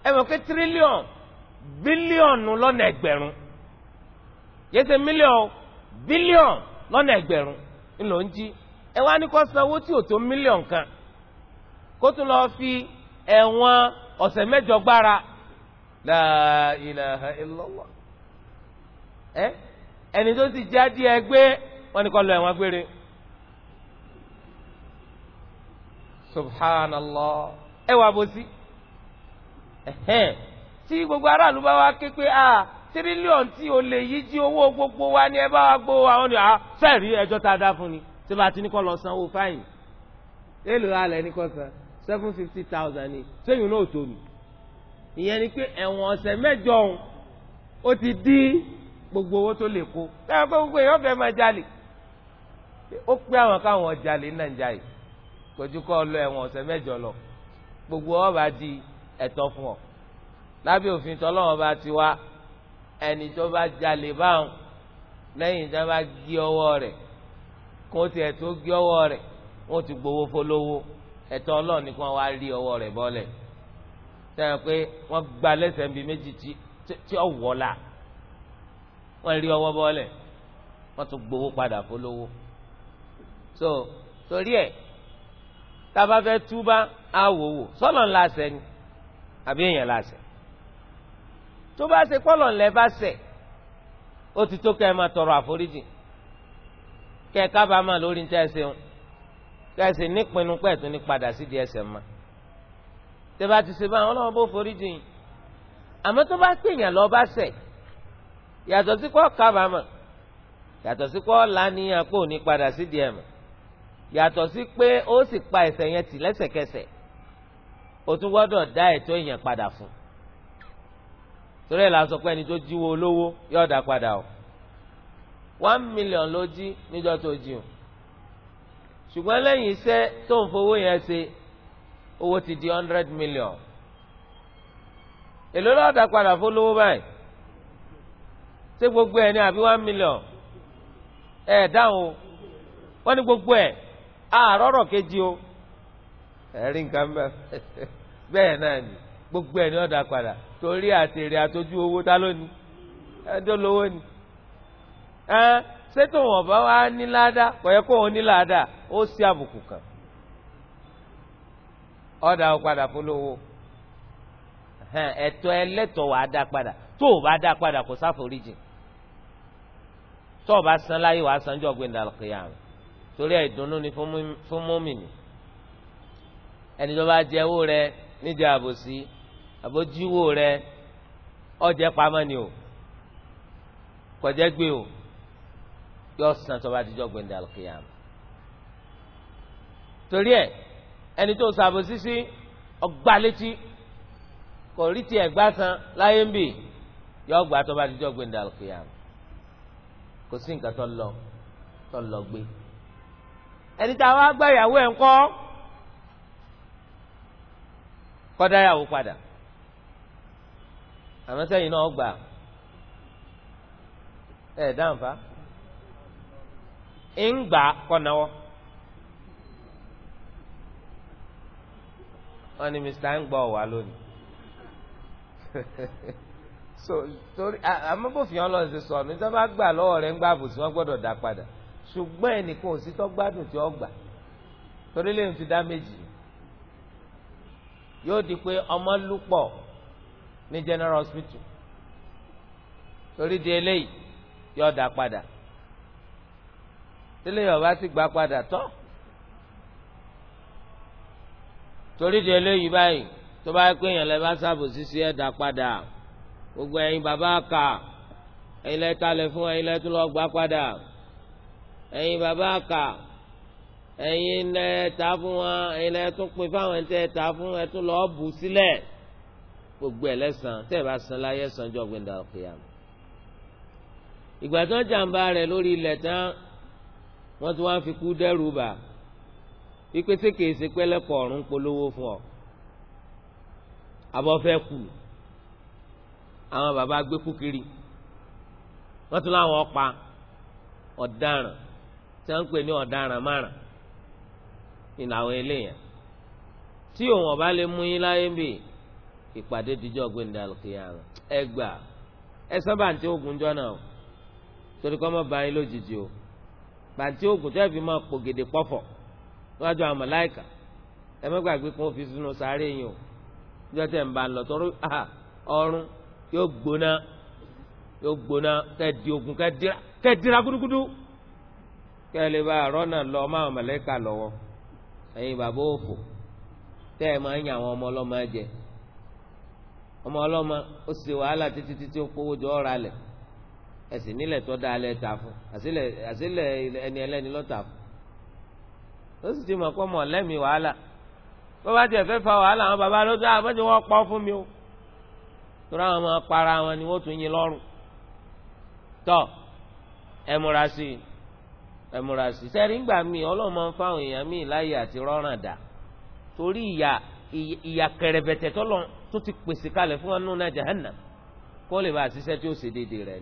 ẹ mọ̀ pé tírílíọ̀n bílíọ̀nù lọ́nà ẹgbẹ̀rún yẹ́sẹ̀ mílíọ̀n bílíọ̀n lọ́nà ẹgbẹ̀rún ńlọ ń jí ẹ wá ní kó sanwó tí ò tó mílíọ̀n kan kó tún lọ́ọ́ fi ẹ̀wọ̀n ọ̀sẹ̀ mẹ́jọ gbára la ilaha illallah ẹ ẹni tó ti já díẹ̀ gbé wọn ni kó lọ ẹ̀wọ̀n gbére subhanallah ẹ wà bó sí tí gbogbo aráàlú bá wá ké pé a tírílíọ̀n tí o lè yí jí owó gbogbo wa ni ẹ bá wá gbowó àwọn ni a fẹ́ẹ̀ rí ẹjọ́ tá a dá fún ni. tí bá ti ní kọ́ lọ sanwó fáìn èlò alẹ́ ní kọ́ san seven fifty thousand ni sẹ́yìn náà tó mi ìyẹn ni pé ẹ̀wọ̀n ọ̀sẹ̀ mẹ́jọ òun ó ti dí gbogbo owó tó lè kó táwọn pé gbogbo èèyàn fẹ́ máa jalè ó pé àwọn káwọn jalè ní nàìjíríà yìí kojú kọ́ lọ ẹ̀wọ̀n ọ̀sẹ̀ mẹ́jọ lọ gbogbo ọba di ẹ̀tọ́ fún ọ lábẹ́ òfin tọ́lọ́wọ́n bá ti wá ẹni tó bá jalè báwọn lẹ́yìn tó bá gé ọwọ́ rẹ̀ kó o tiẹ̀ tó gé ọwọ́ rẹ̀ wọ́n ti gbowó fọlọ́wọ́ ẹ̀tọ́ ọlọ́ọ̀ni kan wá rí ọwọ́ rẹ̀ bọ́lẹ̀ sẹ́yìn pé wọ́n gba lẹ́sẹ̀ bíi méjì tí ó wọ̀ la wọ́n rí ọwọ́ bọ́lẹ̀ wọ́n tún gbowó padà fọlọ́wọ́ so torí ẹ̀ tába fẹ́ túbá àwòwò sọ́lọ̀ ńlá sẹ́ ni àbí èèyàn là sẹ́ tó bá ṣe pọ́lọ̀ ńlẹ́ bá sẹ́ ó ti tó kẹ́ ẹ máa tọrọ àforíjì kẹ́ ẹ kábàámà lórí ní tẹ́sẹ̀ ń kẹ́sì nípinnu pẹ̀ tún ní padà sí di ẹsẹ̀ mọ́ tẹ́bà ti ṣe báwọn ọlọ́run bó forí jìn àmọ́ tó bá pèèyàn lọ bá ṣẹ̀ yàtọ̀ sí kọ́ kábàámà yàtọ̀ sí kọ́ lánìyàn pò ní padà sí di ẹ̀mọ́ yàtọ̀ sí pé ó sì pa ẹ̀ṣẹ̀ yẹn tì lẹ́sẹ̀kẹsẹ̀ o tún gbọ́dọ̀ dá ẹ̀tọ́ èèyàn padà fún torí ẹ̀ la sọ pé ẹni tó jíwó olówó yóò dá padà o one million ló jí níjọ́ tó jí o ṣùgbọ́n lẹ́yìn iṣẹ́ tó ń fowó yẹn ṣe owó ti di hundred million èló lọ́ọ̀dà padà fún lówó báyìí ṣé gbogbo ẹ̀ ní àbí one million ẹ̀ dáhùn wọ́n ní gbogbo ẹ̀ àárọ̀rọ̀ kejì o ẹ̀rí nǹkan bẹ́ẹ̀ [laughs] bẹ́ẹ̀ náà ni gbogbo ẹ̀ ní ọ̀dà padà torí àtèrè àtọ́jú owó ta ló ní ẹjọ́ lówó ni ẹ ṣé tó wọn bá wá ní ládàá kò yẹ kó wọn ní ládàá ó sí àbùkù kan ọ̀dà ó padà polówó ẹ̀tọ́ ẹlẹ́tọ̀ wàá dá padà tó o bá dá padà kò sáforíjì tó o bá san láyé wàá sanjọ́ gbẹ̀ndà kìyàmù torí ìdùnnú ni fún mọ́mìnì ẹni tó bá jẹ owó rẹ níjẹ àbòsí àbójúwò rẹ ọjẹ pamọ́ ni o kọjẹ gbé o. yóò san tó bá dijọ́ gbẹ̀ndẹ̀ alùkìyàmù torí ẹ ẹni tó sàbò sísí ọgbà létí kò rí tiẹ̀ gbà san láyé ń bì yóò gbà tó bá dijọ́ gbẹ̀ndẹ̀ alùkìyàmù kò sí nǹkan tó lọ tó lọ gbé ẹni tá a wá ìyàwó ẹ̀ ń kọ́ kọ́dá ìyàwó padà àmọ́ sẹ́yìn ń gbà kọ́nàwọ́ mr ń gbọ́ wà [laughs] so torí ọlọ́run ti sọ ọ̀nà tí wọ́n bá gbà lọ́wọ́ rẹ̀ ń gbà bùsùn wọ́n gbọ́dọ̀ dá padà ṣùgbọ́n torí lẹ́yìn ti dá méjì yóò di pé ọmọ general hospital torí di eléyìí yóò dá tílé ọba ti gbà padà tọ́ torí di eléyìí báyìí tó bá pé èèyàn lè bá sáàbò sísí ẹ̀dá padà gbogbo ẹ̀yin bàbá àkà ẹ̀yin lè talẹ̀ fún ẹ̀yin lè tún lọ gbà padà ẹ̀yin bàbá àkà ẹ̀yin lè ta fún wọn ẹ̀yin lè tún pin fáwọn ẹ̀yin tẹ́ ta fún ẹ̀ tún lọ bù sílẹ̀ gbogbo ẹ̀ lẹ́sàn tẹ́ bá san láyé sanjọ́ gbẹ̀ndà ìgbà tó jàǹbá rẹ̀ lórí ilẹ̀ tán wọ́n ti wá fi kú dẹ́rù bà wípé ṣé kìí ṣe pẹ́lẹ́kọ̀ ọ̀run polówó fún ọ abọ́ fẹ́ kù àwọn bàbá gbé kú kiri wọ́n tún láwọn ọ̀pá ọ̀daràn tí wọ́n ń pè ní ọ̀daràn márùn ìlà àwọn eléyàn tí òun ọba lè mú yín láyé ń bì ìpàdé dijọ́ gbẹ̀ndẹ̀ àlùkìyàrá ẹ gbà ẹ sábà ń tí ogun jọ náà torí kọ́ mọ́ bá lójijì o. bàtí oògùn tó yẹ fi máa pò gèdè pọ̀fọ̀ níwájú àwọn màláíkà ẹ má kó fi sínú sáré yìí o níjọ́ tẹ̀ ń bá lọ tọ́rọ ọrùn yóò gbóná yóò gbóná kẹ́ẹ̀dì oògùn bá lọ ọmọ àwọn bàbá òfò ọmọ jẹ ọmọ ó sì wàhálà títí títí ó kówó jọ ẹ sì nílẹ̀ tó dáa ta fún àsìlẹ̀ ẹni ẹlẹ́ni lọ́ ta fún ó sì ti mọ̀ kó mọ̀ wàhálà bó bá tiẹ̀ fẹ́ fa wàhálà àwọn baba ló dá àbẹ́jọ ah, fún mi o torí àwọn máa para wọn ni wọ́n tún yin lọ́rùn tọ́ ẹ múra sí i ẹ múra sí i sẹ́rí ńgbà mi ọlọ́run máa ń fáwọn èèyàn mi láyè àti rọ́ràn dà torí ti pèsè kalẹ̀ fún wọn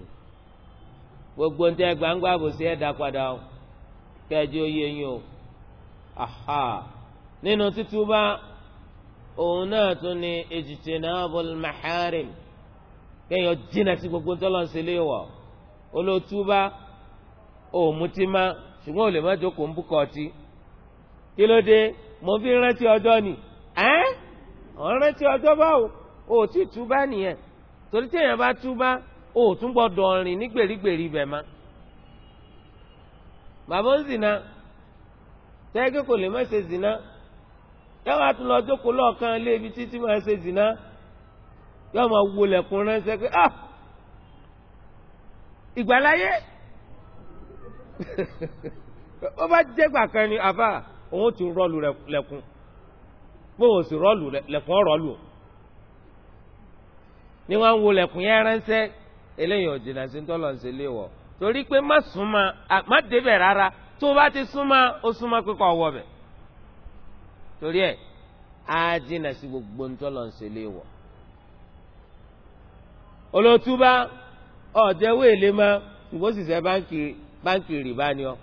gbogbo ń tẹ́ gbangba àbòsí ẹ̀dá padà o kẹjọ oyè yín o aha nínú títúbà òun náà tún ni èjìtì náà bọ́lá maharim kẹyọ jìnnà sí gbogbo tọ́lọ̀ ń ṣẹlẹ̀ wọ̀ olótúbà òmùtí ṣùgbọ́n olè má jókòó ń búkọ̀ ọtí kí ló dé mo fi rántí ọjọ́ ni ẹ́ ọ̀rántí ọjọ́ báwo nìyẹn torí bá túbà. o ò tún gbọ́dọ̀ rìn ní gbèrígbèrí ibẹ̀ ma bàbá ń zina tẹ́gẹ́ kò lè má ṣe zina yàrá tún lọ jókòó lọ́ọ̀kan lé ibi títí máa ṣe zina yóò máa wo lẹ̀kùn ránṣẹ́ pé ah ìgbàláyé wọ́n [laughs] bá jẹ́ gbàkan ni àbá òun ti rọ́ọ̀lù lẹ̀kùn bó o sì rọ́ọ̀lù lẹ̀kùn ọ̀rọ̀ọ̀lù ni wọ́n ń wo lẹ̀kùn yẹn ránṣẹ́ eléyìí ò sí tọ́lọ̀ ń wọ̀ torí pé má súnmọ́ má débẹ̀ rárá tó o bá ti súnmọ́ ó súnmọ́ pípa ọwọ́ bẹ̀ torí ẹ̀ á sí gbogbo tọ́lọ̀ ń ṣe wọ̀. olótúbá ọ̀jẹ̀ wéèlé má ṣùgbọ́n báńkì báńkì ọ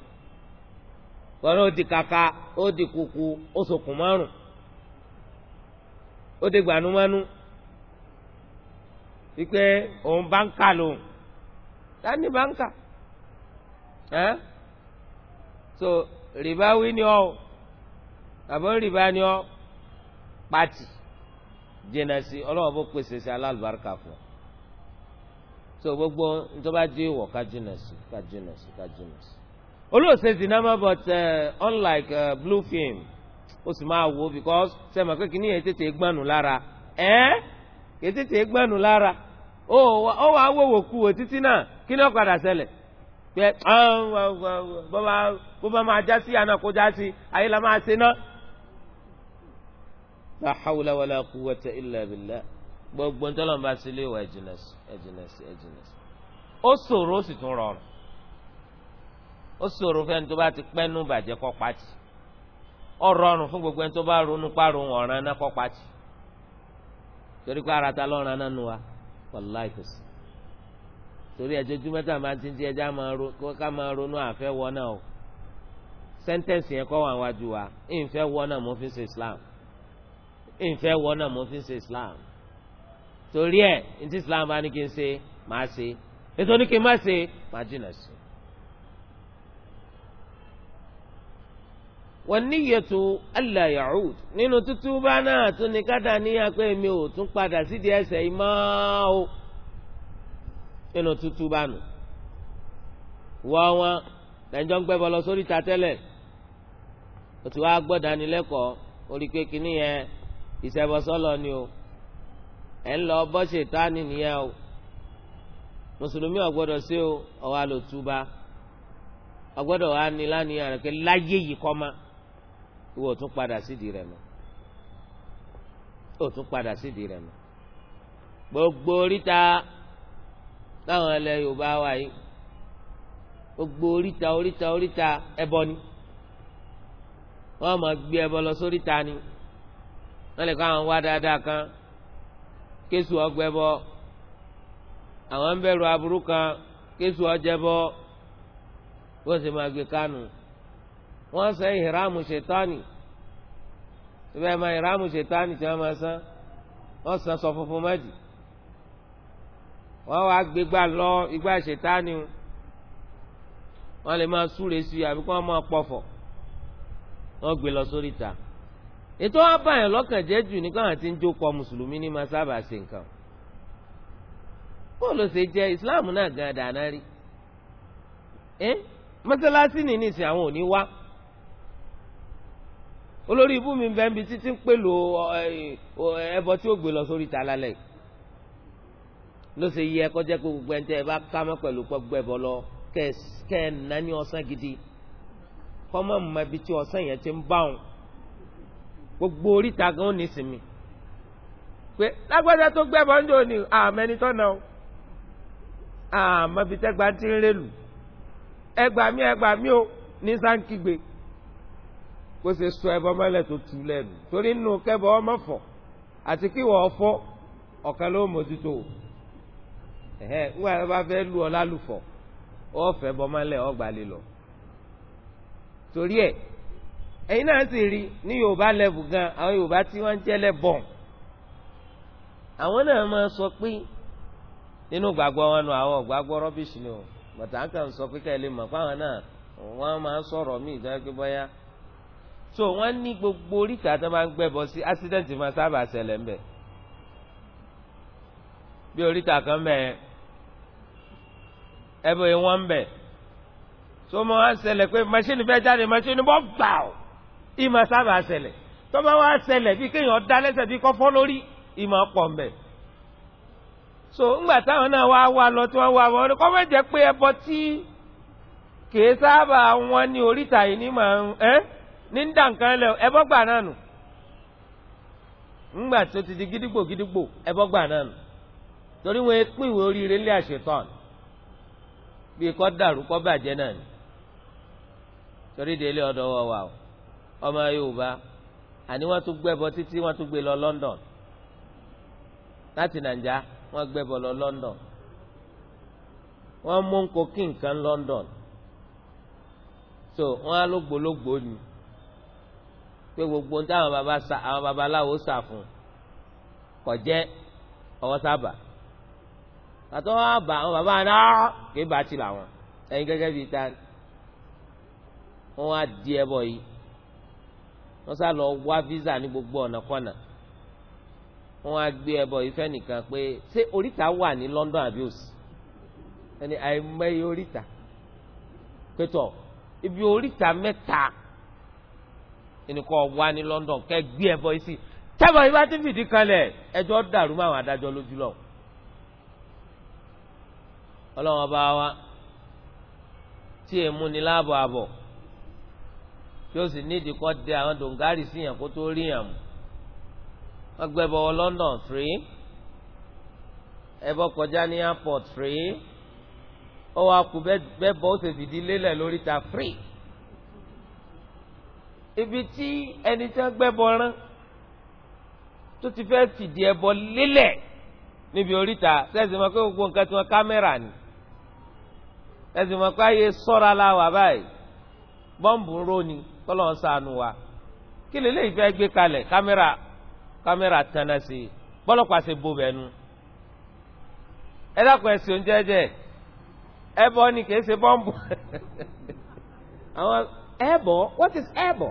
kaka ó di kuku ó sokùn márùn ó di gbanumánu. wípé òun báńkà lòun dání báńkà ẹ so rìbá wí ni ọ àbọ̀ rìbá ni ọ pati jìnnà sí ọlọ́wọ́ bó pèsè sí alálùbáríkà fún ọ so gbogbo ntọ́ba di ìwọ̀ ká jìnnà sí ká jìnnà sí ká jìnnà sí olóòsè sinamá but uh, unlike uh, blue film ó sì máa wò because sẹ́mi akékin ní ètètè gbọ́nù lára ẹ́ ètètè gbọ́nù lára ó ó wàá wòwò ku wò títí náà kí ni ó padà ṣẹlẹ̀ pé bó bá máa já àná kó ayé la máa la hawla wala quwwata illa billah gbogbo ntọ́lọ́n bá sílé wa ẹ̀jìnà sí ẹ̀jìnà sí soro sí. ó ṣòro ó sì tún rọrùn ó ṣòro fẹ́ni tó bá ti pẹ́nu bàjẹ́ kọ́ pàtì ó rọrùn gbogbo ẹni tó bá ronú pàrọ̀ ọ̀ràn náà kọ́ pàtì wàláì kò sí torí ẹjọ́ júmọ́ tá a máa ti ń di ẹjọ́ ká máa ronú àfẹ́ wọ náà o sẹ́ńtẹ́ǹsì yẹn kọ́ wà wájú wa ìǹfẹ́ wọ mo fi ń ṣe Islam ìǹfẹ́ wọ náà mo fi ń ṣe Islam torí ẹ̀ ní ti Islam bá ní kí n ṣe màá ṣe ètò ní kí n má ṣe màá jìnnà sí wọníyẹtù Allah yaud nínú tútú bá náà tún ní kádà níyà pé mi ò tún padà sídìí ẹsẹ̀ yìí máa o nínú tútú bá nù. wọn lẹ́jọ́ ń gbẹ́bọ lọ sórí ta tẹ́lẹ̀ o ti wá gbọ́ dánilẹ́kọ̀ọ́ orí ni o ẹ̀ ń lọ bọ́ nìyẹn o mùsùlùmí sí o ìwọ tún padà sídìí rẹ̀ mọ́ ó tún padà sídìí rẹ̀ mọ́ gbogbo oríta táwọn ẹlẹ Yorùbá wà yìí gbogbo oríta oríta oríta ẹbọ ni wọn máa gbé ẹbọ lọ sóríta ni wọn lè kọ àwọn wá dáadáa kan kéṣù ọgbẹ bọ àwọn ń bẹ̀rù aburú kan kéṣù ọjẹ bọ wọn sì máa gbé kánú wọ́n sọ ìhìrámù ṣètánì tó bẹ́ẹ̀ máa ìhìrámù ṣètánì tí wọ́n máa san wọ́n san sọ funfun mẹ́jì wọ́n wá gbégbá lọ igbá ṣètánì wọ́n lè máa súre sí i àbí kí wọ́n máa pọ̀fọ̀ wọ́n gbé lọ sórí ta ètò wọn bá yàn lọ́kàn jẹ́ jù ní káwọn ti ń jókòó mùsùlùmí ní máa sábà ṣe nǹkan bóòlù ṣe jẹ́ Islam náà gan dáná rí ẹ mọ́sálásí nìyí sí àwọn òní wá olórí ibú mi bẹ́ẹ̀ bi títí ń pè lò ẹbọ tí ó gbé lọ sórí ta lálẹ́ ló ṣe yẹ kọjá pé gbogbo ẹni tẹ ẹ bá ká mọ́ pẹ̀lú pọ́gbẹ́ bọ́ lọ kẹ́ ẹ nà ní ọ̀sán gidi kọ́mọ́ mọ ibi tí ọ̀sán yẹn ti ń bá òun gbogbo oríta gan ó ní sinmi pé lágbájá tó gbẹ́bọ̀ ń jò ní àmẹ́ni tọ́nà o àmọ́ ibi tẹ́gbà ti ń rélù ẹgbàá mi ẹgbàá mi ò ní sáńkì gbé bó se sọ ẹbọ mọ́lẹ̀ tó tu lẹ́nu torí nù kẹbọ ọmọ fọ àti kí wọ́n fọ ọ̀kan ló mójútó ẹ̀hẹ́ ńgbà tó bá fẹ́ lu ọ lálùfọ̀ ọ fẹ́ bọ mọ́lẹ̀ ọ gbà lè lọ. torí ẹ ẹ̀yin náà sì rí ní Yorùbá lẹ́bù gan àwọn Yorùbá tí wọ́n ń jẹ́ lẹ́bọ̀n àwọn náà máa sọ pé nínú gbàgbọ́ wọn nù àwọn gbàgbọ́ rọ́bìṣì ni o bàtà kan sọ pé ká ẹ lè mọ̀ fáwọn náà wọ́n máa sọ̀rọ̀ mí dájú bọ́yá so wọ́n ní gbogbo oríta tó máa ń gbẹ́bọ sí accident máa sábà ṣẹlẹ̀ ń bẹ̀ bí oríta kan bẹ̀ ẹ bọ̀ wọ́n ń bẹ̀ so mo wá ṣẹlẹ̀ pé machine fẹ́ jáde machine bọ́ gbà ó ìmọ̀ sábà ṣẹlẹ̀ tó bá wá ṣẹlẹ̀ bí kéèyàn dá lẹ́sẹ̀ bí kọ́ fọ́ lórí ìmọ̀ pọ̀ ń bẹ̀ so ńgbà táwọn náà wá wá lọ tí wọ́n wá wọn kọ́ fẹ́ jẹ́ pé ẹbọ tí kèé sábà wọn ní oríta yìí ní màá ń ẹ́. Eh? ní ń dà nǹkan lẹ ẹbọ gbà náà nù ńgbà tó ti di gidigbo gidigbo ẹbọ gbà náà nù torí wọn pín ìwé oríire lé àṣetán bíi kọ́ dàrú kọ́ bàjẹ́ náà ni torí délé ọ̀dọ̀ wọ̀ wà o ọmọ Yorùbá àní wọ́n tún gbẹ́bọ títí wọ́n tún gbé lọ London láti nàìjà wọ́n gbẹ́bọ lọ London wọ́n mú nkokin kan London so wọ́n á lógbòlógbò ni. pé gbogbo ní àwọn baba sa àwọn babaláwo sà fún kọjẹ ọwọ́ sábà àtọ́ wọn bá àwọn baba náà kì í bá ti làwọn ẹ̀yin gẹ́gẹ́ bíi ta wọn á di ẹbọ yìí wọn sá lọ wá visa ní gbogbo ọ̀nà kọ́nà wọn á gbé ẹbọ yìí fẹ́nìkan pé ṣé oríta wà ní London abuse òsì ẹni àìmọye oríta pé tọ ibi oríta mẹ́ta ẹnìkọ́ wá ní London kẹ́ gbé ẹ bọ́ sí tẹ́bọ̀ yìí bá ti fìdí kalẹ̀ ẹjọ́ dàrú mọ́ àwọn adájọ́ lójú lọ. ọlọ́wọ́n bá wa tí èmu ni láàbọ̀ àbọ̀ tí ó sì nídìí kọ́ de àwọn dòǹgárì sí yàn kó tó rí yàn mú. wọ́n gbé bọ̀ London free ẹ̀bọ kọjá ní airport free ó wàá kú bẹ́ẹ̀ bọ́ ó sì fìdí lélẹ̀ lóríta free ibi tí ẹni tí wọ́n gbẹ́bọ rán tó ti fẹ́ fìdí ẹbọ lélẹ̀ níbi oríta sẹ́sì mọ́ pé gbogbo nǹkan tí wọ́n kámẹ́rà ni sẹ́sì mọ́ pé ayé sọ́ra la wà báyìí bọ́ǹbù ń roni kọ́lọ́ ń sànù wa kí lè léyìí fẹ́ gbé kalẹ̀ kámẹ́rà kámẹ́rà tanná sí i bọ́lọ́pàá ṣe bo bẹ́ẹ̀ nu ẹ dákun ẹ̀sìn oúnjẹ jẹ ẹbọ ni kì í ṣe bọ́ǹbù [laughs] àwọn ẹbọ what is ẹbọ.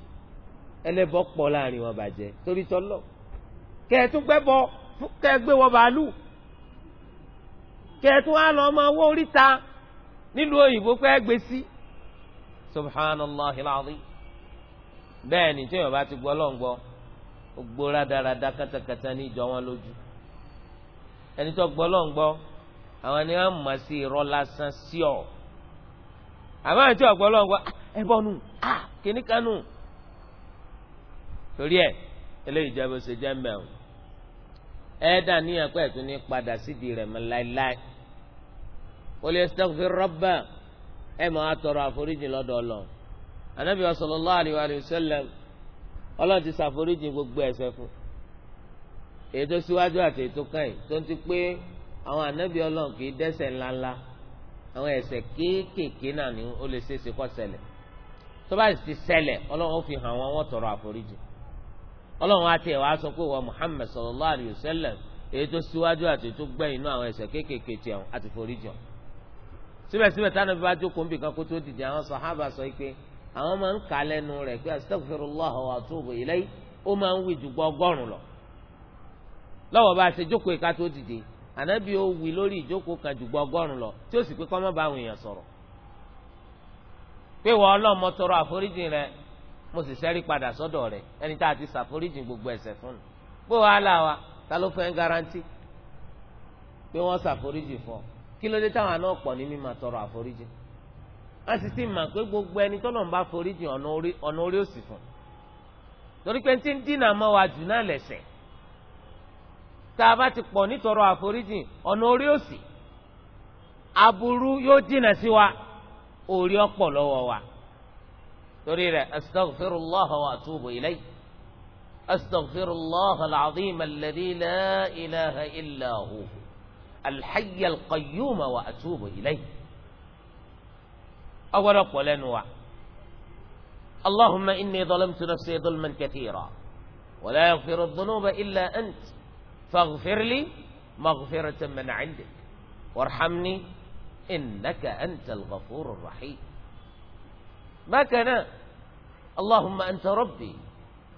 ẹlẹ́bọ pọ̀ láàrin wọn bàjẹ́ torí tọ́lọ̀ kẹ̀tún gbẹ́bọ kẹ̀gbé wọ bàálù kẹ̀tún á lọ ọmọ owó oríta nílùú òyìnbó pẹ́ gbé sí subhanallah ilahi bẹ́ẹ̀ ni tí yorùbá ti gbọ́ lọ́ngbọ́ gbogbo rádaràda kátàkátà ní ìjọ wọn lójú ẹni tó gbọ́ lọ́ngbọ́ àwọn ni wọ́n mọ̀ sí irọ́ lásán sí ọ̀ àmọ́ àti ọ̀gbọ́ lọ́ngbọ́ ah, ẹ bọ́ nù ah, kíní torí ẹ eléyìí jẹ́ bó ṣe jẹ́ mẹ́wọ̀n ẹ̀ẹ́dà níyàn pẹ́ tún ní padà sídìí rẹ̀ mọ́ láéláé qul istaghfir ẹ̀ àforíjì lọ́dọ̀ anabi ti sàforíjì gbogbo fún èyí síwájú àti èyí kàn tó ń pé àwọn anabi kì í lè tó bá ti ó fi hàn wọn ọlọ́run á tiẹ̀ wàá sọ pé wọ́n muhammed sallallahu alayhi wa sallam èyí tó síwájú àti tó gbẹ̀yìn inú àwọn ẹ̀ṣẹ̀ kéékèèké tiẹ̀ àti foríjọ. síbẹ̀síbẹ̀ táwọn bí wàá jókòó nbì kan kó tó dìde àwọn sàhábà sọ pé àwọn máa ń kà á lẹ́nu rẹ̀ pé astaghfirullah wa atubu ilayhi ó máa ń wí ju gbọ́gọ́rùn lọ. lọ́wọ́ bá a ṣe jókòó ìka tó dìde ànábì ó wí lórí ìjókòó kan ju gbọ́gọ́rùn lọ tí ó mo sì ṣẹ́rí padà sọ́dọ̀ rẹ̀ ẹni tá a ti ṣàforíjìn gbogbo ẹ̀ṣẹ̀ fún un bó wàhálà wa ta ló fẹ́ ń garanti pé wọ́n ṣàforíjìn fún ọ kí ló dé táwọn náà pọ̀ ní mímọ̀ tọrọ àforíjìn a sì ti mọ̀ pé gbogbo ẹni tọ́lọ̀ ń bá foríjìn ọ̀nà orí òsì fún torí pé tí ń dínà mọ́ wa jù náà lẹ̀ṣẹ̀ tá a bá ti pọ̀ nítorọ àforíjìn ọ̀nà orí òsì aburú yóò dínà sí wa orí ọ̀pọ̀ lọ́wọ́ wa تريد أستغفر الله وأتوب إليه أستغفر الله العظيم الذي لا إله إلا هو الحي القيوم وأتوب إليه أولا قل اللهم إني ظلمت نفسي ظلما كثيرا ولا يغفر الذنوب إلا أنت فاغفر لي مغفرة من عندك وارحمني إنك أنت الغفور الرحيم ما كان اللهم أنت ربي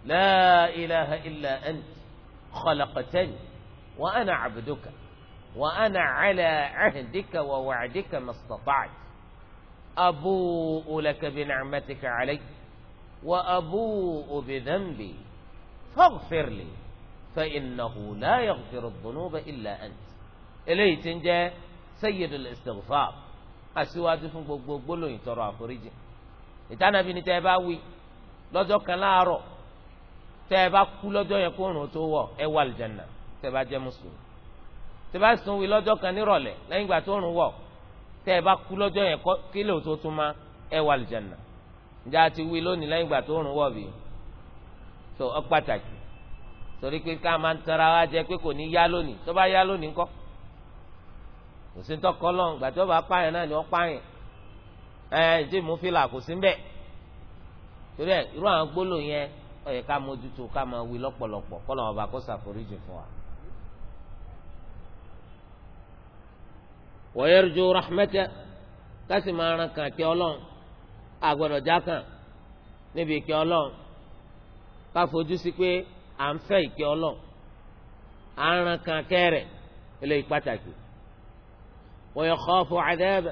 لا إله إلا أنت خلقتني وأنا عبدك وأنا على عهدك ووعدك ما استطعت أبوء لك بنعمتك علي وأبوء بذنبي فاغفر لي فإنه لا يغفر الذنوب إلا أنت إليه تنجى سيد الاستغفار أسواد فنقول قولوا ترى ìtànàbí ni tẹ́ ẹ bá wí lọ́jọ́ kan láàárọ̀ tẹ́ ẹ bá kú lọ́jọ́ yẹn kó rùn tó wọ̀ ẹ wà lìjànà tẹ́ ẹ bá jẹ́ mùsùlùmí tẹ́ ẹ bá sùn wí lọ́jọ́ kan nírọ̀lẹ́ lẹ́yìn ìgbà tó rùn wọ̀ tẹ́ ẹ bá kú lọ́jọ́ yẹn kí lè tó tún má ẹ wà lìjànà ǹjẹ́ a ti wí lónìí lẹ́yìn ìgbà tó rùn wọ̀ bí so ọ pàtàkì torí pé ká máa ń tara wa jẹ pé kò ní yá lónìí tó bá yá lónìí ńkọ́ ẹ ǹjẹ́ mú fìlà kò sí mbẹ́ torí ẹ irú àwọn gbólò yẹn ó yẹ ká mójútó ká máa wí lọ́pọ̀lọpọ̀ kọ́ làwọn ọba kó ṣàforíjì fún wa. wa yarju rahmata kásì máa ran kàn kí ọlọ́run àgbọ̀dọ̀ já kàn níbi ìkẹ́ ọlọ́run ká fojú sí pé à ń fẹ́ ìkẹ́ ọlọ́run à ń ran kàn kẹ́rẹ̀ eléyìí pàtàkì wa yakhafu adhaba.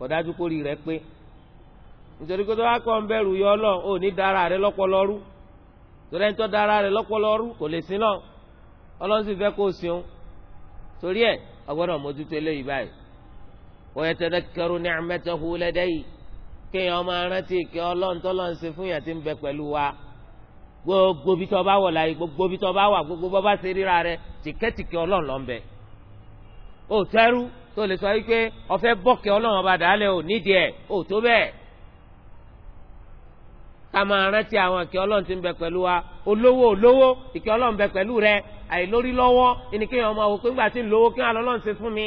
kọ̀dájú kórì rẹ pé nítorí pé tó kọ́ ń bẹ̀rù yọ ọlọ́ ò ní dára rẹ lọ́pọ̀lọ́rú torí ẹni tó dára rẹ lọ́pọ̀lọ́rú kò lè sin náà ọlọ́run sì fẹ́ kó o torí ẹ ọgbọ́dọ̀ mójútó eléyìí báyìí wa kéèyàn ọlọ́run fún wa gbogbo bí tọ́ bá wọ̀ láyé gbogbo tó lè sọ wípé ọ̀fẹ́ bọ́kẹ́ ọlọ́run ọba dàálẹ̀ ò nídìí ẹ̀ ò tó bẹ́ẹ̀ ká máa rántí àwọn ìkẹ́ ọlọ́run ti ń bẹ pẹ̀lú wa olówó olówó ìkẹ́ ọlọ́run bẹ pẹ̀lú rẹ àìlórí lọ́wọ́ ẹni kí ọmọ òkú ńgbà tí ń lówó kí wọn lọ́run ṣe fún mi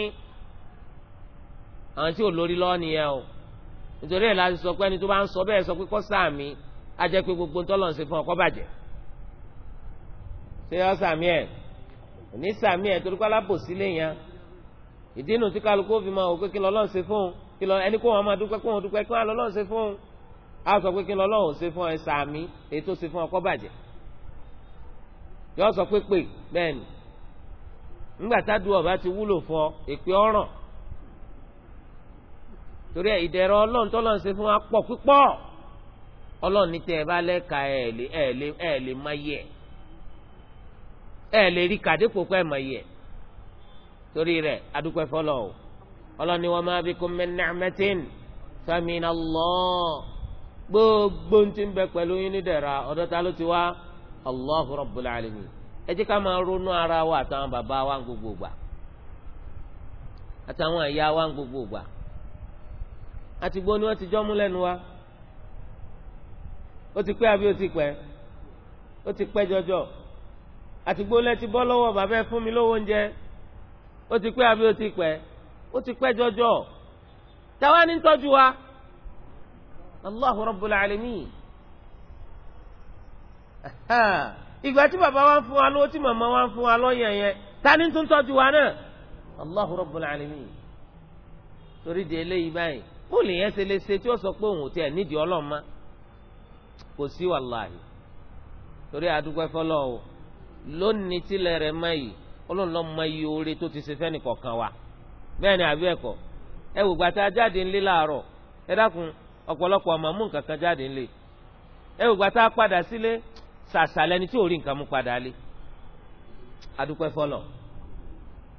àwọn tí ò lórí lọ́wọ́ nìyẹn o nítorí ẹ̀ láti sọ pé ẹni tó bá ń sọ bẹ́ẹ̀ sọ pé kọ́ sàmì á jẹ́ pé gbogbo ńtọ́lọ́run ṣe fún ọkọ́ bàjẹ́ ṣé ọ sàmì ẹ̀ òní sàmì ẹ̀ torí pé alábòsí lè ìdí inú tí kálukú fi máa wò pé kí lọ́lọ́run ṣe fún un kí lọ ẹni kó wọn máa dúpẹ́ kó wọn dúpẹ́ kí wọn lọ́lọ́run ṣe fún un á sọ pé kí fún ọkọ bàjẹ́ yọ sọ pé wúlò fún ọ ọ̀ràn torí ẹ ìdẹ̀rọ ọlọ́run tó lọ́n fún wa pọ̀ ọlọ́run ní ẹ torí rẹ̀ adúpẹ́ fọlọ́ o ọlọ́ni wa ma bikum min ni'matin famin Allah gbogbo ń ti bẹ pẹ̀lú yín ní dẹ̀ra ọ̀dọ̀ ta ló ti wá Allahu rabbul alamin ẹ jẹ́ ká máa ronú ara wa àtàwọn bàbá wa ń gbogbo gbà àtàwọn àyà wa gbogbo gbà àti gbọ́ ni wọ́n ti jọ́mú lẹ́nu wa ó ti pẹ́ àbí ó ti pẹ́ ó ti pẹ́ jọjọ àti gbọ́ lẹ́ ti bọ́ lọ́wọ́ bàbá ẹ fún mi lówó oúnjẹ ó ti pẹ́ àbí ó ti pẹ́ ó ti pẹ́ jọjọ táwa ní tọ́jú wa allahu rabbul alamin ìgbà tí baba wa ń fún wa lọ́wọ́ tí wa ń fún wa lọ́yẹ̀ ta ni tún tọ́jú wa náà torí di eléyìí báyìí bó lè yẹn ṣe lè ṣe tí ó sọ pé òun ò tiẹ̀ nídìí ọlọ́run kò sí wàláhì torí adúgbò o lónìí tilẹ̀ rẹ̀ ọlọ́run lọ́ọ́ mọ iye oore tó ti ṣe fẹ́ nìkọ̀ọ̀kan wa bẹ́ẹ̀ ni àbí ẹ̀kọ́ ẹ wò gbàtà jáde ńlé láàárọ̀ ẹ dákun ọ̀pọ̀lọpọ̀ ọmọ mú nǹkan kan jáde ńlé ẹ wò gbàtà padà sílé sàṣàlẹ̀ ni tí ò rí nǹkan mú padà lé adúpẹ́ fọlọ̀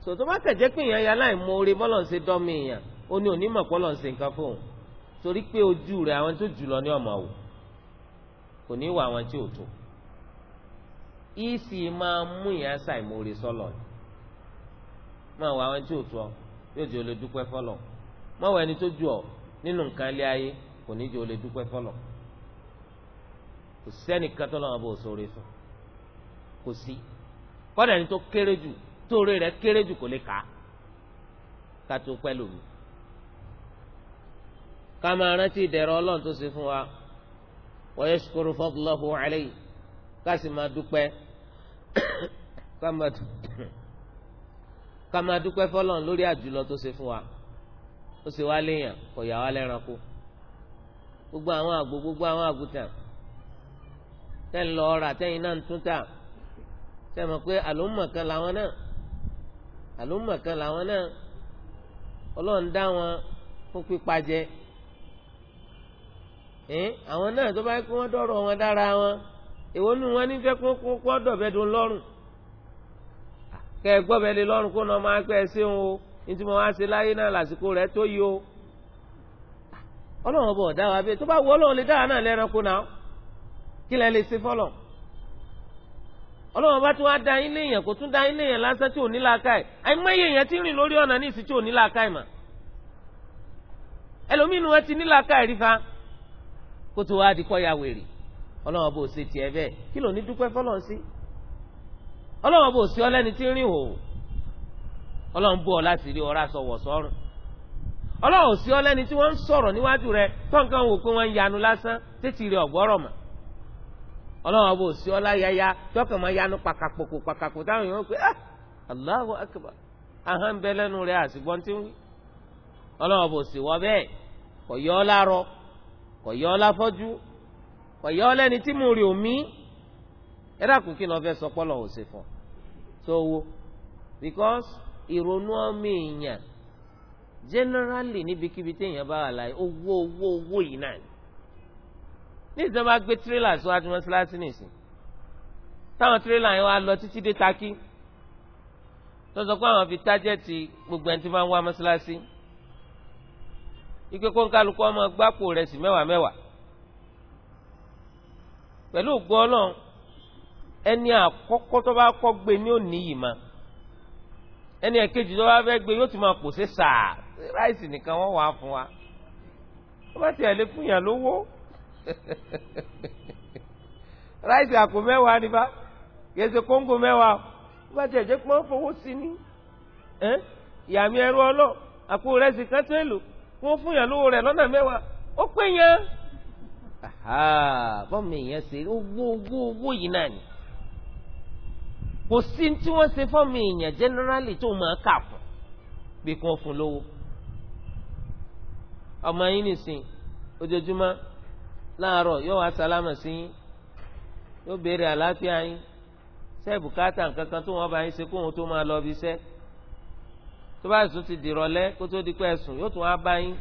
sòtò má tẹ̀jẹ́ pé èèyàn yà láì mọ oore bọ́lọ̀ ń ṣe dọ́mi èèyàn ó ní onímọ̀ pọ́lọ̀ ń ṣe nǹkan fóun torí pé ojú rẹ̀ àwọn tó jùlọ ní ọmọ wò kò ní wà àwọn tí ò tó isi máa mú yẹn ṣàìmórí sọlọ ni máa wọ àwọn tí ò ọ yóò di olè fọlọ máa wọ ẹni tó ju ọ nínú nǹkan ilé ayé kò ní di olè fọlọ kò lọ́wọ́ bó o sọ̀rọ̀ fún kò sí kọ́dà ẹni tó kéré jù tóore rẹ̀ kéré jù kò lè kà á ká tó pẹ́ lòmù ká máa rántí ìdẹ̀rọ̀ ọlọ́run tó fún wa ká sì máa dúpẹ́ [coughs] ká máa dúpẹ́ [coughs] fọlọ́n lórí àjùlọ tó ṣe fún wa ó ṣe wá léèyàn kò yà wá lẹ́ranko gbogbo àwọn àgbo gbogbo àwọn àgùntàn tẹ́ ń lọ ọ̀rà tẹ́yìn náà ń tún tà tẹ́ mọ̀ pé àlòmọ̀kan làwọn náà àlòmọ̀kan làwọn náà ọlọ́run dá wọn fún pípa jẹ ẹ́ àwọn náà tó bá yẹ kó wọ́n dọ̀rọ̀ wọn dára wọn. èwo nu wọn ní fẹ́ kó gbọ́dọ̀ bẹ́ẹ̀ dùn lọ́rùn kẹ́ ẹ gbọ́ bẹ́ẹ̀ lé lọ́rùn kó náà máa pẹ́ ẹ ṣeun o láyé náà lásìkò tó yí o ọba tó bá wọ lè náà náà kí lè wá ti rìn lórí ọ̀nà ní ìsìn tí ò ní mà ẹlòmínú ẹ ti ní rí ya wèrè ọlọ́wọ́n bò ṣe tiẹ̀ bẹ́ẹ̀ kí ló ní dúpẹ́ fọlọ́n sí ọlọ́wọ́n bò ṣe ọlẹ́ni tí ń rìn hò ọlọ́wọ́n bò ọ láti rí ọ̀rá sọ̀wọ̀ ṣe ọlẹ́ni tí wọ́n ń sọ̀rọ̀ níwájú rẹ tọ́ǹkan wò pé wọ́n ń yanu lásán tètè rẹ ọ̀gbọ́rọ̀ bò ṣe ọlá yaya tọ́kàn mọ́ yanu táwọn èèyàn ń ah, ọ̀yọ́ ọlẹ́ni tí mo rí omi ẹ̀rá kù kí lọ́ọ́ fẹ́ sọ pọ́lọ́ ò ṣe fún tó wo because ìrònú ọmọ èèyàn generally níbikíbi tí èèyàn bá wà láyé owó owó owó yìí náà ni ní ìsìn bá gbé tírélà síwájú mọ́ṣáláṣí nìsín táwọn tírélà yẹn wá lọ títí dé takí tó sọ pé àwọn fi tájẹ́ẹ̀tì gbogbo ẹni tí wọ́n wá mọ́ṣáláṣí ikú kó ń kálukú ọmọ gbápò rẹ̀ sí mẹ́wàá mẹ́wàá pẹ̀lú ògbó ọlọ́run ẹni àkọ́kọ́ tó bá kọ́ gbé ní òní yìí ma ẹni ẹ̀kejì tó bá fẹ́ gbé yóò ti máa pò sí sàá ráìsì nìkan wọ́n wàá fún wa wọ́n bá tiẹ̀ lé fún yàn lówó [laughs] ráìsì àpò mẹ́wàá ni bá gèsè kóńgò mẹ́wàá wọ́n bá tiẹ̀ jẹ́ pé wọ́n fowó sí ni ìyàmì ẹrú ọlọ́ àpò rẹ̀ sì kẹ́tẹ́ lò wọ́n fún yàn lówó rẹ̀ lọ́nà mẹ́wàá ó pé yẹn bọ́ọ̀mù èèyàn ṣe owó owó owó yìí náà ni kò sí tí wọ́n ṣe fọ́ọ̀mù èèyàn generally tó máa kà fún bí kò fún lówó ọmọ yín nìsín ojoojúmọ́ láàárọ̀ yóò wá sálámà sí yín yóò béèrè àlàáfíà yín ṣé bùkátà nǹkan kan tó wọ́n bá yín ṣe kóhun tó máa lọ bí iṣẹ́ tó bá sùn ti dìrọ̀lẹ́ kó tó di pẹ́ sùn yóò tún wá bá yín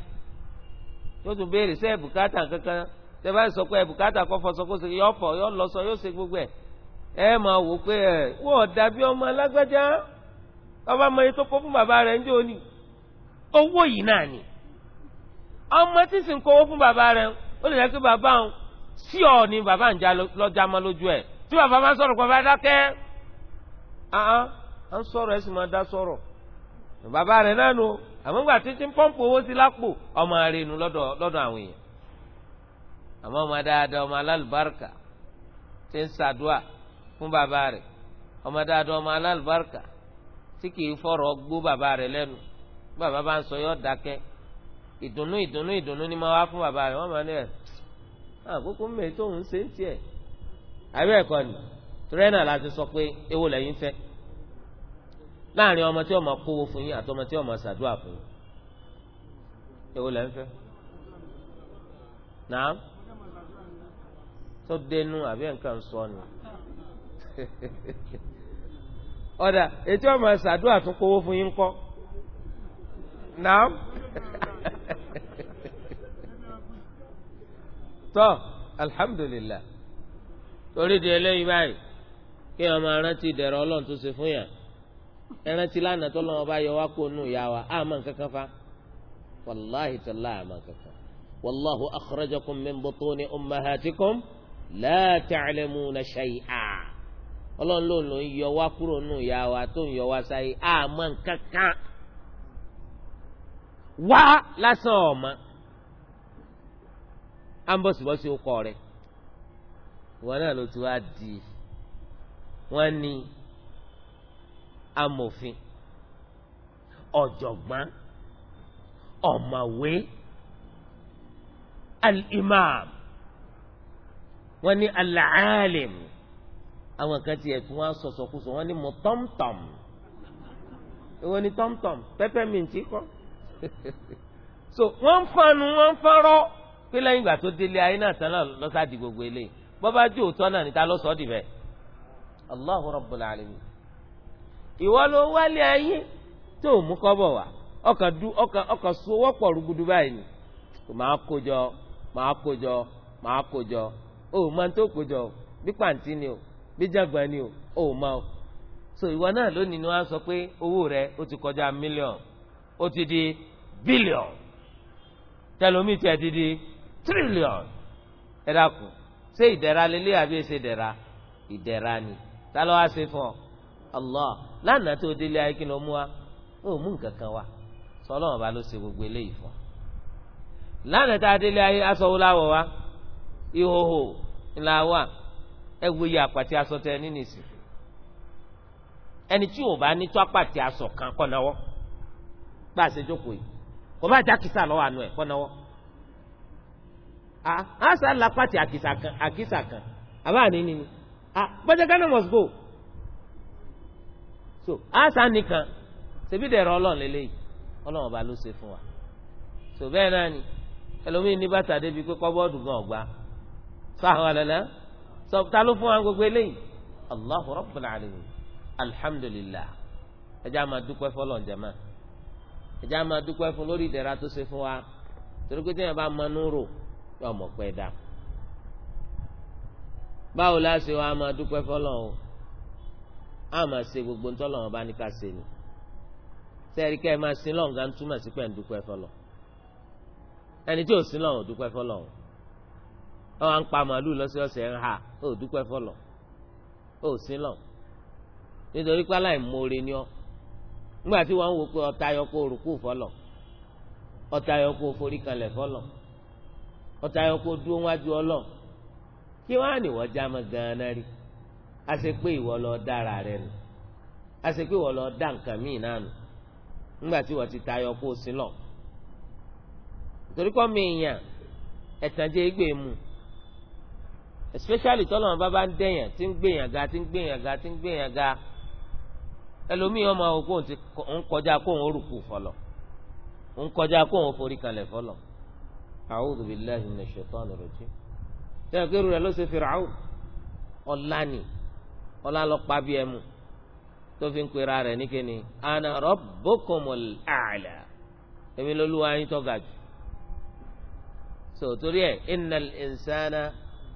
yóò tún béèrè ṣé bùkátà nǹkan kan tẹ́fà sọ pé bùkátà kọ́ fọṣọ kó ṣe yọ fọ yọ lọ sọ yóò ṣe gbogbo ẹ̀ ẹ máa wò pé ẹ wọ́n dàbí ọmọ alágbájá bàbá mọ ètò kó fún bàbá rẹ̀ ńjọ́ ni owó yìí náà ni ọmọ tí sì ń kówó fún bàbá rẹ̀ ó lè jẹ́ pé bàbá òun sí ọ ni bàbá ń já lọ́jà mọ́ lójú ẹ̀ tí bàbá máa ń sọ̀rọ̀ bàbá dákẹ́ àá à ń sọ̀rọ̀ ẹ̀ sì máa dá sọ̀rọ̀ bàbá rẹ̀ náà nù àmọ́ gbà títí pọ́ǹpù owó sí lápò ọmọ rẹ̀ nù lọ́dọ̀ àwọn èèyàn àmọ́ ọmọ dáadáa ọmọ alálùbáríkà ti ń ṣàdúà fún bàbá rẹ̀ ọmọ dáadáa ọmọ alálùbáríkà tí kì í fọ̀rọ̀ gbó bàbá rẹ̀ lẹ́nu bàbá bá ń sọ yọ dákẹ́ ìdùnnú ìdùnnú ìdùnnú ni máa wá fún bàbá rẹ̀ wọ́n máa ní ẹ̀ àkókò mẹ́rin tó ń ṣe ń tiẹ̀ àbẹ́ ẹ̀kọ́ ni torí náà láti sọ pé èwo lẹ́yìn fẹ́ láàrin ọmọ tí ọmọ kówó tó dénú àbí nǹkan sọ ni ọ̀dà etí ọmọ ṣàdúrà tún kówó fún yín kọ́ náà tọ́ alhamdulillah torí di eléyìí báyìí kí ọmọ arántí dẹ̀rọ ọlọ́run tó ṣe fún yàn ẹrántí lánàá tó lọ́wọ́ bá yọ wá kó nù yá wa àmọ́ nǹkankan fa wàláhi tàlá àmọ́ nǹkankan wàláhu akhrajakum min butuni ummahatikum la ta'lamuna shay'a ọlọ́run ló ń lò ń yọ wá kúrò nù ìyá wa tó ń yọ wá sáyé àmọ́ nǹkan kan wá lásán ọ̀ma à ń bọ̀sibọ́sí ó kọ rẹ̀ ìwọ náà ló ti wá di wọ́n ní amòfin ọ̀jọ̀gbọ́n ọ̀mọ̀wé al-imam wọ́n ní alaalim àwọn kan tiẹ̀ tún wá sọ̀sọ̀kúsọ wọ́n ní mo tọ́mtọ́m èwo ni tọ́mtọ́m pẹ́pẹ́mìntì kọ́ [laughs] so wọ́n ń fanu wọ́n ń fọ́rọ́ pé lẹ́yìn ìgbà tó délé ayé náà tán náà gbogbo eléyìí bọ́bá jó òótọ́ náà níta lọ́sọ̀ọ́ dìbẹ̀ allahu rabbul alamin ìwọ ló wálé ayé tó o mú kọ́bọ̀ wá ọkàn du ọkàn ọkàn so wọ́pọ̀ rúgudu báyìí ni màá kójọ màá kójọ màá kójọ o ò máa tó péjọ bí pàǹtí ni o bí jàgbá ni o o máa so ìwọ náà lónìí ni wọn sọ pé owó rẹ otu ti kọjá mílíọ̀n ti di bílíọ̀n tẹlomi tiẹ̀ ti di tírílíọ̀n ẹ dákun ṣé ìdẹ̀ra lélẹ́ àbí ṣe dẹ̀ra ni ta wá ṣe fún ọ Allah lánàá tó délé ayé kí ló wa ó mú nǹkan kan wa sọlọ́wọ́n ba ló ṣe gbogbo eléyìí fún Ihoho ńlá wà ẹ àpàtì aṣọ tẹ nínú ẹni tí ò bá ní tó àpàtì kan kọ́ náwó bá a yìí kò bá já kìsà àánú ah, a sá kan àkìsà kan àbáàní ni ni ah, Ghana must go so a n'ikan, nìkan ṣèbí dẹ̀rọ ọlọ́run lélẹ́yìí ọba fún wa so bẹ́ẹ̀ náà ni ẹlòmíín ní bàtà débi pé sáwọn àlàlà sọ ta ló fún wa gbogbo eléyìí allahu rabbil alamin alhamdulillah ẹ jẹ́ àmà dúpẹ́ fọlọ́ jẹ́mà ẹ jẹ́ àmà dúpẹ́ fún lórí ìdẹ̀ra tó ṣe fún wa torí pé téèyàn bá mọ núrò yọ ọmọ pẹ́ dá báwo la ṣe wa àmà dúpẹ́ fọlọ́ o àmà ṣe gbogbo ntọ́lọ́ wọn bá ní ká ṣe ni sẹ́ẹ̀rí kẹ́ ẹ máa sin lọ́ǹgá ń túmọ̀ sí pẹ̀ ń dúpẹ́ fọlọ́ ẹni tí ò sin lọ́ǹgá dúpẹ́ fọlọ́ o. wọn ń pa màálù ń ha ó dúpẹ́ fọlọ̀ ó sí lọ nítorí pé aláìmoore ni ọ nígbà tí wọn ń wo pé ọta ayọkọ òrùkú fọlọ̀ ọta ayọkọ foríkalẹ̀ fọlọ̀ ọta dúró wájú ọlọ kí wọn á ní rí a ṣe pé ìwọ lọ dára rẹ a ṣe pé ìwọ lọ dá nǹkan míì náà ti mu especially tọ́lọ́mọ bá bá ń dẹ̀yàn tí ń gbèyàn ga tí ń gbèyàn ga tí ń gbèyàn ga ẹlòmíì ọmọ òkú ń kọjá kó òun rúkú fọlọ ń kọjá kó òun forí kalẹ̀ fọlọ. a'udhu billahi minash shaitani rajim. sẹ́yìn kí irú rẹ̀ ló ṣe Fir'aun ọ̀la ni ọ̀la lọ pa bí ẹmu tó fi ń pera rẹ̀ ní kíni ana rabbukumul a'la èmi ló lù wá yín tó ga jù. sòtúrí ẹ̀ innal insana.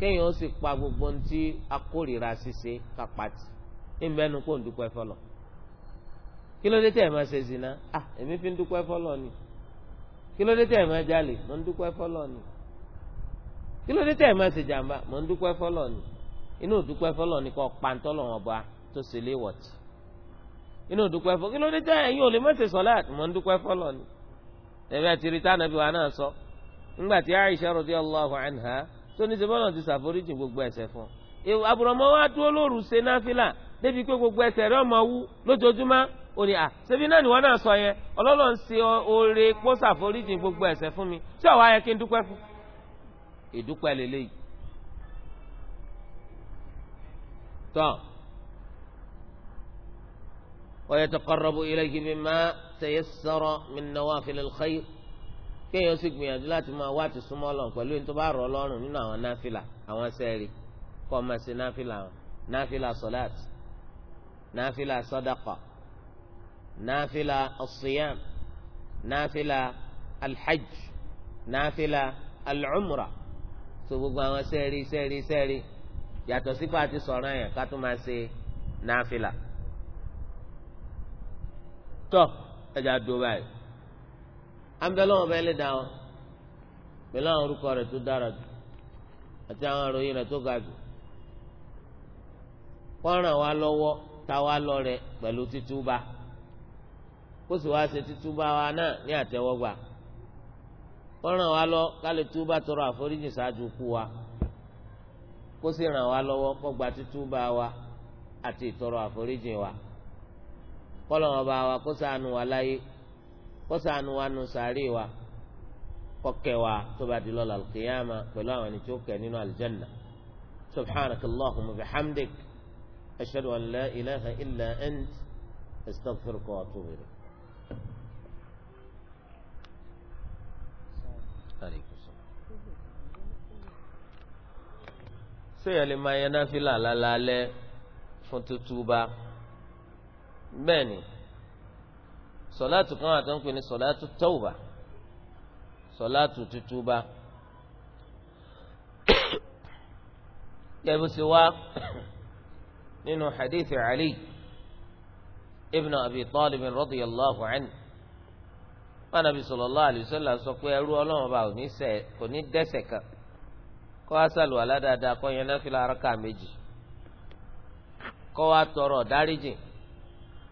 kéèyàn ó sì pa gbogbo ohun tí akórira ṣiṣe kápátì ìmẹ́nu kò ń dúpẹ́ fọlọ́ kí ló dé tẹ̀ ẹ̀ máa ṣe zina ah èmi fi ń dúpẹ́ fọlọ́ ni kí ló dé tẹ̀ ẹ̀ máa jalè mo ń dúpẹ́ fọlọ́ ni kí ló dé tẹ̀ ẹ̀ máa ṣe jàmbá mo ń dúpẹ́ fọlọ́ ni inú ìdúpẹ́ fọlọ́ ni kò pàǹtọ́ lọ́wọ́ ọba tó ṣe léwọ̀tì inú ìdúpẹ́ fọlọ́ kí ló dé tẹ̀ ẹ̀yin ò lè má ṣe sọ́láàtì mo ń dúpẹ́ fọlọ́ ni ẹ̀fẹ́ tìrìtà nàbí wa náà sọ ńgbà tí Aisha radiyallahu anha tó ní sẹ́fọ́nà ti ṣàforíjì gbogbo ẹ̀ṣẹ̀ fún un àbùrọ̀mọ́ wa dúró lóru ṣe náfìlà débi pé gbogbo ẹ̀ṣẹ̀ rẹ̀ ọmọ wú lójoojúmọ́ ó à ṣebí náà ni wọ́n náà sọ yẹn ọlọ́lọ́ ń ṣe oore pọ́ ṣàforíjì gbogbo ẹ̀ṣẹ̀ fún mi tí ọ̀wá yẹ kí n dúpẹ́ fún ìdúpẹ́ lélẹ́yìí. tán wa yataqarrabu ilayhi bima tayassara min nawafilil khayr kéèyàn sì gbìyànjú láti máa wá ti súnmọ́ Ọlọ́run pẹ̀lú ẹni tó bá rọ̀ ọlọ́run nínú àwọn náfìlà àwọn sẹ́ẹ̀rì kọ́ ọ máa ṣe náfìlà wọn náfìlà sọ́láàt náfìlà sọ́dàkọ̀ náfìlà ọ̀sìyàm náfìlà alhajj náfìlà alcumra tó gbogbo àwọn sẹ́ẹ̀rì sẹ́ẹ̀rì sẹ́ẹ̀rì yàtọ̀ sípò àti sọ̀rọ̀ yẹn ká tó máa ṣe náfìlà. tọ́ ẹ̀dá àǹbẹ̀lọ́wọ̀n bẹ́ẹ̀ lè dá wọn pẹ̀lú àwọn orúkọ rẹ̀ tó dára jù àti àwọn àròyìn rẹ̀ tó ga jù wọ́n ràn wá lọ́wọ́ ta wá lọ́rẹ pẹ̀lú títúbà kó sì wá ṣe títúbà wa náà ní àtẹ́wọ́gbà wọ́n ràn wá lọ ká túbà tọrọ àforíjì ṣáájú kú wa kó sì ràn wá lọ́wọ́ kó títúbà wa àti ìtọrọ àforíjì wa kọ́lọ́wọ́n bá wa kó ṣàánú wa láyé kọsànù wa nù sàárè wa kọkẹ wa tó bá di lọ́la alqiyama pẹ̀lú àwọn ẹni tí ó kẹ nínú aljanna subhanaka allahumma bihamdik ashhadu an la ilaha illa ant astaghfiruka wa atubu ilayk. sèyàn lè máa yẹn náà fi làlálẹ́ fún tútú bá bẹ́ẹ̀ ni sọláàtù kan àti ń pè ní sọláàtù tọ́wùbà sọláàtù tútúbà kẹbi sí wa nínú hadith ali ibn abi talib radiyallahu anhu fanabi sallallahu alayhi wa sallam sọ pé ẹrú ọlọ́run ọba kò ní dẹ́ṣẹ̀ kan kó wá sàlù aládàáda kó yẹn náfìlà araka méjì kó wá tọrọ dáríjì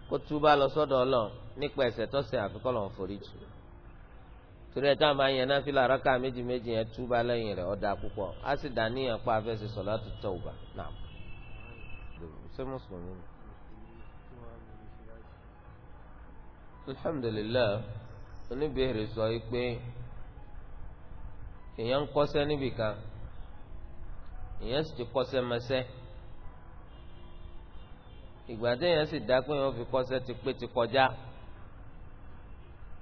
kó túbà lọ sọ́dọ̀ ọlọ́run nípa ẹ̀ṣẹ̀ tó ṣẹ̀ àfi k'Ọlọ́run foríjì torí ẹ̀ tá a máa yẹn náfìlà rákà méjì méjì yẹn túbà lẹ́yìn rẹ̀ ọ̀dà púpọ̀ á sì dà níyàn pa afẹ́ sí sọ̀látù tọ̀ọ̀bà náà ṣé mùsùlùmí ni. alhamdulilayi oníbèrè sọ yìí pé èèyàn ń kọ́ṣẹ́ níbìkan èèyàn sì ti kọ́ṣẹ́ mẹsẹ́ ìgbà téèyàn sì dá pé wọ́n fi kọ́ṣẹ́ ti pé ti kọjá.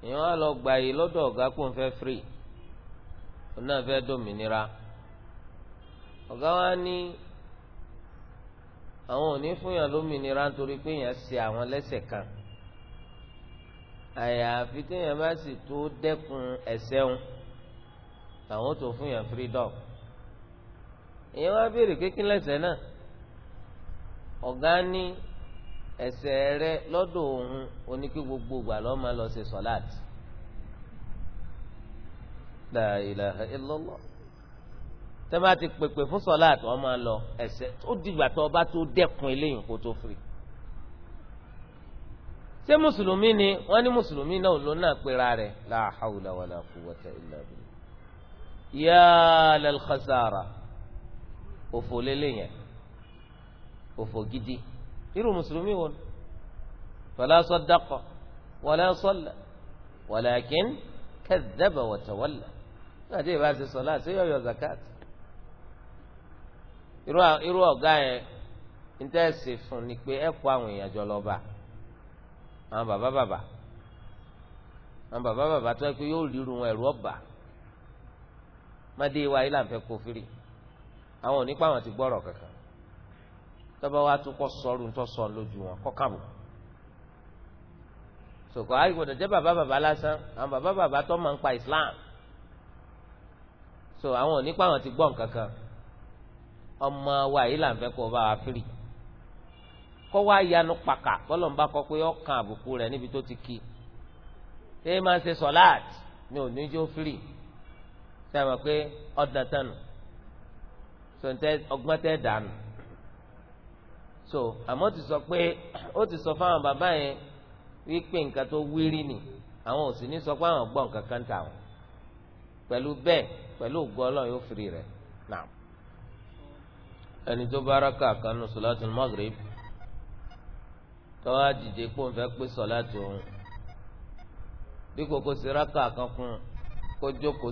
èèyàn á lọ gba yìí lọ́dọ̀ ọ̀gá kó ń fẹ́ free òun náà fẹ́ dominira ọ̀gá wa ní àwọn ò ní fún yàn lómìnira nítorí pé yàn ṣe àwọn lẹ́sẹ̀ kan àyàfi téèyàn bá sì tó dẹ́kun ẹ̀ṣẹ̀ ń àwọn tó fún yàn freedom èèyàn wá béèrè kékin lẹ́sẹ̀ náà ọ̀gá ní ẹ̀ṣẹ̀ rẹ lọ́dọ̀ òun oníkí gbogbo ìgbà ló máa lọ ṣe sọláàtì la ilaha illallah tẹ́lẹ̀ ti pèpè fún sọláàtì wọ́n máa lọ ẹ̀ṣẹ̀ ó dìgbà tó ọba tó dẹ́kun eléyìí kó tó firi ṣé mùsùlùmí ni wọ́n ní mùsùlùmí náà ló náà pera rẹ̀ la hawla wala quwwata illa billah ya lal òfò lélẹ́yìn òfò gidi irú mùsùlùmí wo ni fala saddaqa wala salla walakin kadhaba wa tawalla náà tí ìbá ti sọ láti yọ yọ zakat irú ọ̀gá yẹn níta ẹ̀sìn fún ni pé ẹ kó àwọn èèyàn jọ lọ bá àwọn bàbá bàbá àwọn bàbá bàbá tó ẹ pé yóò ríru wọn ẹ̀rú ọ̀bà má dé wa yìí ń fẹ́ kó firi àwọn ò àwọn ti gbọ́rọ̀ kankan tọ́ba wa tún kọ́ sọ́ọ́rù tó sọ lójú wọn kọ́ kàbọ̀ sọ̀kọ́ ayé gbọ́dọ̀ jẹ́ bàbá bàbá lásán àwọn bàbá bàbá tó máa ń pa Islam so àwọn ò ní pa àwọn ti gbọ́ nǹkan kan ọmọ wa yìí là ń fẹ́ kó o bá wa firi kọ́ wa yanu pàkà bọ́lọ̀ ń bá kọ́ pé ọkàn àbùkù rẹ̀ níbi tó ti kí ṣé é máa ń ṣe sọ̀láàt mi ò ní jó firi ṣe é mọ̀ pé ọ̀dàn nù sọ̀ntẹ́ ọgbọ́n tẹ́ dànù. so àmọ́ ti sọ pé ó ti sọ fáwọn bàbá yẹn wípé nǹkan tó wírí ni àwọn ò sì ní sọ pé àwọn gbọ́ nǹkan kan tà wọ́n pẹ̀lú bẹ́ẹ̀ pẹ̀lú ògo ọlọ́run yóò firi rẹ̀ nà. ẹni tó bára kàkan nù sọláàtù tọ́wọ́ pò ń fẹ́ pé bí kòkó kó jókòó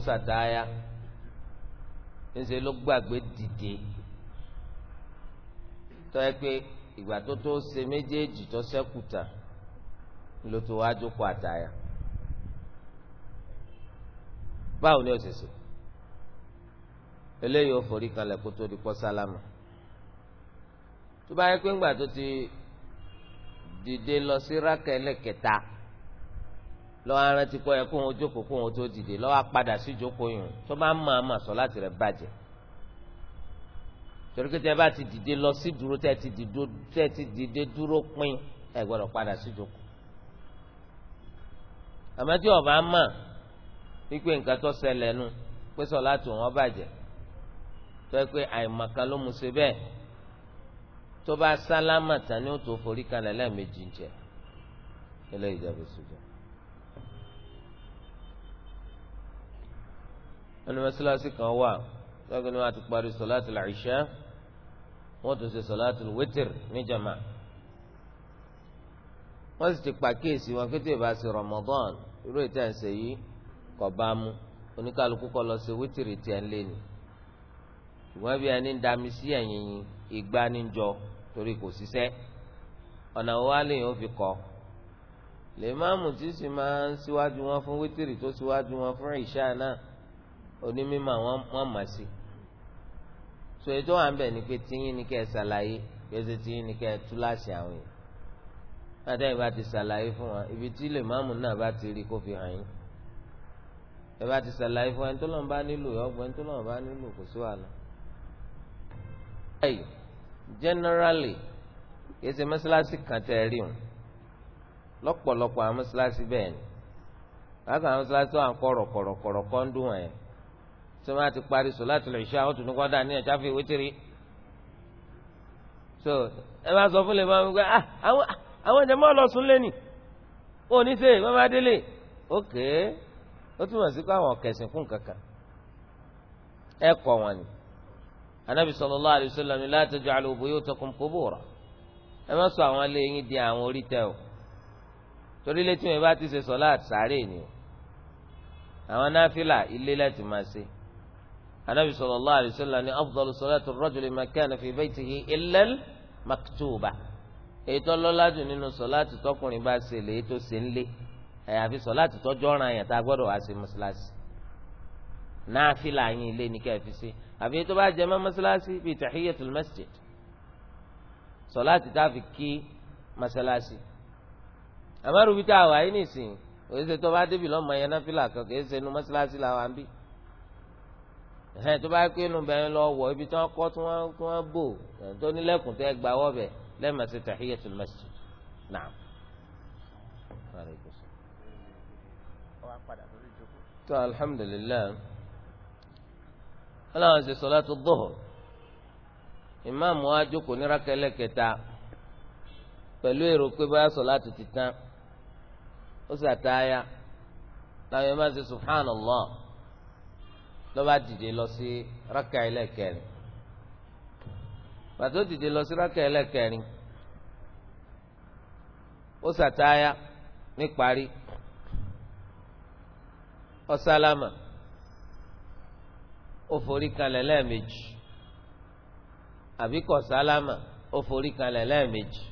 gbàgbé dìde. tó yẹ pé ìgbà tó tó ṣe méjèèjì tó ṣẹ́kù tán ló tó wá jókòó àtàyà báwo ni ó ṣe ṣe eléyìí ó forí kanlẹ̀ kó tó di pọ́ sálámà tó bá yẹ pé ńgbà tó ti dìde lọ sí rákẹ́lẹ̀ kẹta lọ́wọ́ arántí kọ́ ẹ kó wọn jókòó kó wọn tó dìde lọ́wọ́ apádà sí jókòó yùn tó bá ń mọ̀ ọ́n mọ̀ sọ láti rẹ̀ bàjẹ́ torí pé tẹ bá ti dìde lọ sí dúró tẹ ti dìde tẹ ti dìde dúró pin ẹ gbọ́dọ̀ padà sí jókòó àmọ́ tí ọba mọ̀ wípé nǹkan tó ṣẹlẹ̀ nu pé sọ láti wọn bàjẹ́ tó yẹ pé àìmọ̀kan ló mú ṣe bẹ́ẹ̀ tó bá sálámà tán ni ó tó forí kalẹ̀ lẹ́ẹ̀mejì ń jẹ eléyìí dàbí sójà. wọn ni mọ́sálásí kan wà lọ́gbẹ́ni wọn ti wọ́n tún ṣe sọ̀láàtù wítìr níjàmá wọ́n sì ti pàkíyèsí wọn kété ìbá sí Ramadan irú ètò ẹ̀sẹ̀ yìí kò bá mu oníkàlùkù kọ́ lọ sí wítìrì tiẹ̀ ń lé ni ṣùgbọ́n bí ẹni ń dami sí ẹ̀yìn ìgbà níjọ torí kò ṣiṣẹ́ ọ̀nà wa lèyìn ó fi kọ́ lèmáàmù tí sì máa ń síwájú wọn fún wítìrì tó síwájú wọn fún ìṣá onímọ̀ wọn mọ̀ sí i so ètò wà ń bẹ̀ ni pé tiyín ni kẹ́ ẹ ṣàlàyé pèsè tiyín ni kẹ́ ẹ tú láṣẹ àwọn yìí látà ìbá ti ṣàlàyé fún wa ibi tí lè máàmù náà bá ti rí kó fi hàn yín ẹ bá ti ṣàlàyé fún wa ẹni tó lọ́n bá nílò ọgbọ́n ẹni tó lọ́n bá nílò kò sí wàhálà. báyìí generally kìí ṣe mọ́ṣáláṣí kan tẹ́ ẹ rí wọn lọ́pọ̀lọpọ̀ àwọn mọ́ṣáláṣí bẹ́ẹ̀ ni láti àwọn mọ́ṣáláṣí wà ń kọ́ ń dùn wọn yẹn tí wọ́n ti parí solatul isha àwọn tún kọ́ dání ẹ̀ka fi wítìrì so ẹ bá sọ fún lè máa wípé ah àwọn ìjọba lọ sùn lé nì ó ní sè wọ́n bá délé ok ó túmọ̀ sí pé àwọn ọ̀kẹ́sìn fún kankan ẹ kọ̀ wọn ni anabi sallallahu alaihi wasallam la taj'alu buyutakum qubura ẹ má sọ àwọn ilé yín di àwọn orí tẹ o torí létí wọn bá ti ṣe sọlá sàárè ni o àwọn náfìlà ilé láti máa ṣe anabi sallallahu alayhi wa sallam ni afdalu salatu rajuli makana fi baytihi illal maktuba ètò ọlọ́lájú nínú sọláàtì tọkùnrin bá ṣe lè tó ṣe ń lé àyàfi sọláàtì tọjọ́ ọ̀ràn yẹn tá a gbọ́dọ̀ wá sí mọ́ṣáláṣí náfìlà yín ilé ní kẹ́ẹ̀ fi ṣe àfi tó bá jẹ́ mọ́ mọ́ṣáláṣí bíi tahiyatul masjid sọláàtì tá a fi kí mọ́ṣáláṣí àmọ́ rúbi tá a yín nìsín òṣìṣẹ́ tó bá débi lọ́mọ yẹn náfìlà kan kì í ṣe inú mọ́ṣáláṣí làwọn bí ẹhẹn tó bá yẹ pé nùbẹ̀rẹ̀ lọ wọ̀ ibi tí wọ́n kọ́ tí wọ́n tí wọ́n bò tó nílẹ̀kùn tẹ́ gba ọwọ́ bẹ̀ lẹ́ẹ̀ma ṣe tahiyatul masjid naam. tó alhamdulilayi aláwọn ṣe sọlátù duhur ìmáàmù wa jókòó ní rákẹ́lẹ́ kẹta pẹ̀lú èrò pé báyà sọlátù ti tán ó sì àtàyà láwọn ẹ̀ máa ṣe subhanallah ló bá dìde lọ sí rákà ẹlẹ́kẹrin pàtó dìde lọ sí rákà ẹlẹ́kẹrin ó sàtáyà níparí ó sálámà ó forí kalẹ̀ lẹ́ẹ̀mejì àbí kò sálámà ó forí kalẹ̀ lẹ́ẹ̀mejì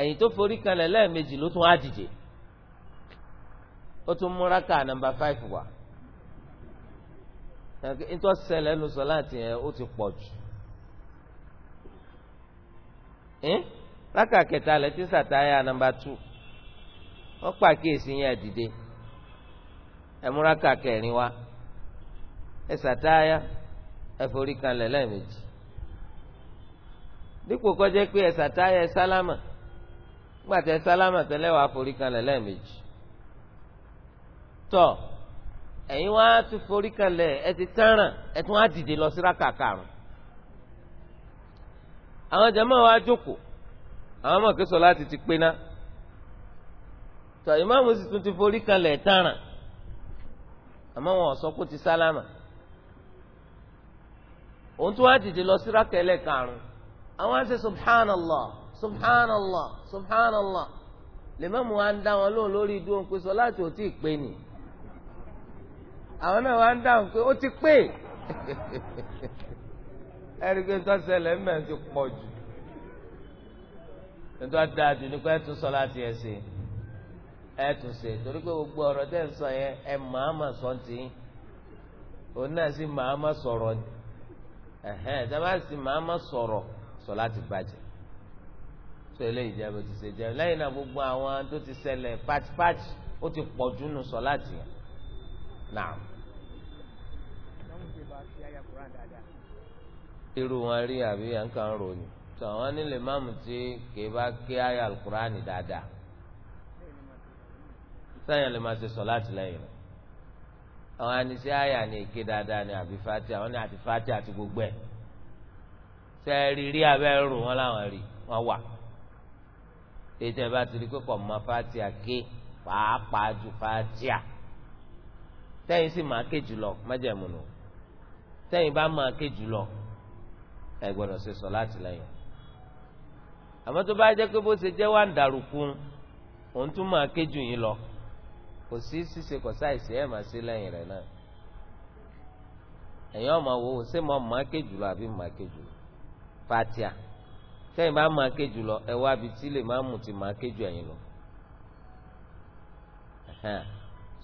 ẹ̀yìn tó forí kalẹ̀ lẹ́ẹ̀mejì ló tún á dìde. ó tún múra ká nàmbà fáìfù wá nítorí sọ láti yẹn ó ti pọ̀ jù kẹta lẹ ti sàtáyà nàmbà tù wọ́n pàkíyèsí yẹn dìde ẹ múra ká kẹrin wá ẹ sàtáyà ẹ forí kanlẹ̀ lẹ́ẹ̀mejì dípò kọjá pé ẹ sàtáyà ẹ sálámà gbàtẹ sálámà tẹlẹ wàá forí tọ ẹ̀yin wá tún forí kalẹ̀ ẹ ti ẹ tún dìde lọ sí rákà àwọn jàmáà wá jókòó àwọn ọmọ kẹsọ láti ti pé ná tọ ìmáàmù sì tún ti forí wọn sọ kó ti sálámà òun tún dìde lọ sí rákà ẹlẹ́karùn àwọn á subhanallah subhanallah subhanallah wa ń wọn lóhùn lórí ìdúró ń àwọn náà wá ń dáhùn pé ó ti pé [laughs] ẹ̀rígbé tó ṣẹlẹ̀ ń bẹ̀ ti pọ̀ jù nítorí dáa jù ní pé ẹ̀ tún sọ láti ẹ̀ ṣe ẹ̀ tún ṣe torí pé gbogbo ọ̀rọ̀ tẹ̀ ń sọ yẹn ẹ̀ màámà sọ ti òun náà sì màámà sọ̀rọ̀ ni ẹ̀hẹ́n dábàá sì màámà sọ̀rọ̀ sọ láti bàjẹ́ tó eléyìí jẹ́ bó ti ṣe jẹ́ lẹ́yìn náà gbogbo àwọn tó ti ṣẹlẹ̀ pátípátí ó ti pọ̀ jù nù sọ láti yẹn náà. irú wọn rí àbí à ń kàn rò ní tó àwọn nílé máàmù tí kìí bá ké àyà alukurani dáadáa sẹ́yìn lè máa ṣe sọ láti lẹ́yìn rẹ̀ àwọn anisẹ́ àyà ni èké dáadáa ni àbí fati àwọn ni àti fati àti gbogbo ẹ̀ sẹ́ẹ̀rì rí abẹ́ rò wọn láwọn rí wọn wà ètò ẹ̀ bá ti rí pé kò fati àké pàápàá ju fati à sẹ́yìn sì máa ké jùlọ májẹ̀mú sẹ́yìn bá máa ké jùlọ ẹ gbọ́dọ̀ ṣe sọ láti lẹ́yìn àmọ́ tó bá jẹ́ pé bó ṣe jẹ́ wà ń dàrúkú òun tún máa kéjù yín lọ kò sí ṣíṣe kò sáìsì ẹ̀ máa ṣe lẹ́yìn rẹ̀ náà ẹ̀yin ọmọ wo ṣé mo máa kéjù lọ àbí máa kéjù lọ fatia tẹ́yìn bá máa kéjù lọ ẹ wá bi tí lè máa mú ti máa kéjù ẹ̀yin lọ